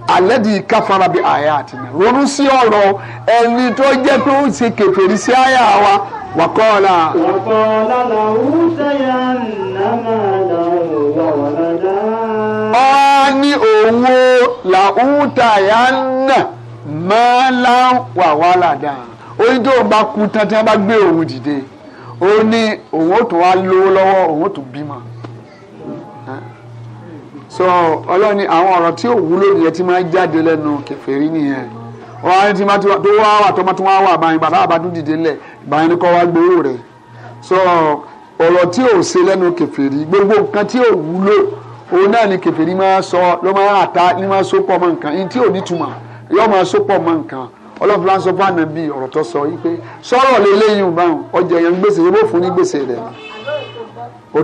alɛdi kafara bi ayat na ɔrɔ si ɔrɔ ɛni tɔ jɛ tó ń se kefere si aya wa wa kɔ la. wakɔ la la wusa ya nama la wawalada. ɔɔ ni owó la wuta ya nà má la wawalada oyin tó ba kú tantan ba gbé òun dìde o ní òun ò tó wa lówó lọ́wọ́ òun ò tó bímọ. so ọlọ́run ni àwọn ọ̀rọ̀ tí ò wúlò nìyẹn ti máa jáde lẹ́nu kèfèrí nìyẹn wọ́n á ní tí tó wá wà tó máa tún wá wà báyìí bàbá àbádùn dìde ńlẹ̀ báyìí ni kò wá gbowó rẹ̀ so ọ̀rọ̀ tí ò ṣe lẹ́nu kèfèrí gbogbo nǹkan tí ò wúlò òun náà ni kèfèrí máa sọ ló máa àta ní máa so pọ̀ mọ́ nǹkan ní tí ò ní túmọ̀ yóò máa so pọ̀ mọ́ nǹkan ọlọ́run láń sọ fún ànábì ọ̀rọ̀ tó sọ yìí pé sọ̀rọ̀ lélẹ́yìn báwọn ọjà yẹn gbèsè yẹn bó fún ní gbèsè rẹ̀ o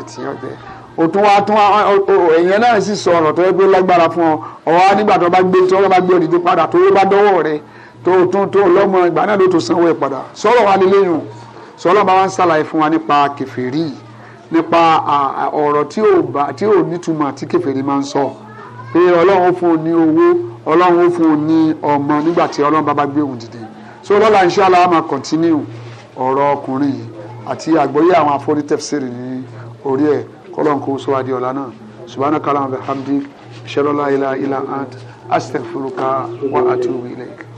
jẹ́ o tún wá tún èèyàn náà sì sọ ọ̀rọ̀ tó yẹ pé lágbára fún ọ ọwọ́ nígbà tó bá gbé tí wọ́n bá gbé òdìdí padà tó bá dọ́wọ́ rẹ tó tún tó lọ́mọ ìgbà náà ló tó sanwó ẹ̀ padà sọ̀rọ̀ wa lélẹ́yìn sọ̀rọ̀ bá wá ń ṣàlàyé fún wa nípa kẹfìrí nípa ọ̀rọ̀ tí ò nítumọ̀ tí kẹfìrí máa ń sọ pé ọlọ́run fún un ní owó ọlọ́run fún un ní ọmọ nígbà tí ọlọ́run bá bá gbé continue ọ̀rọ̀ ọkùnrin yìí àti àgbọ́yé àwọn afọ́nitẹ́fsẹ̀rì ní kọ́lọ́n kó sọ adé ọ̀la náà subhanaka allahumma wa bihamdik shalala ilaha illa ant astaghfiruka wa atubu ilaik.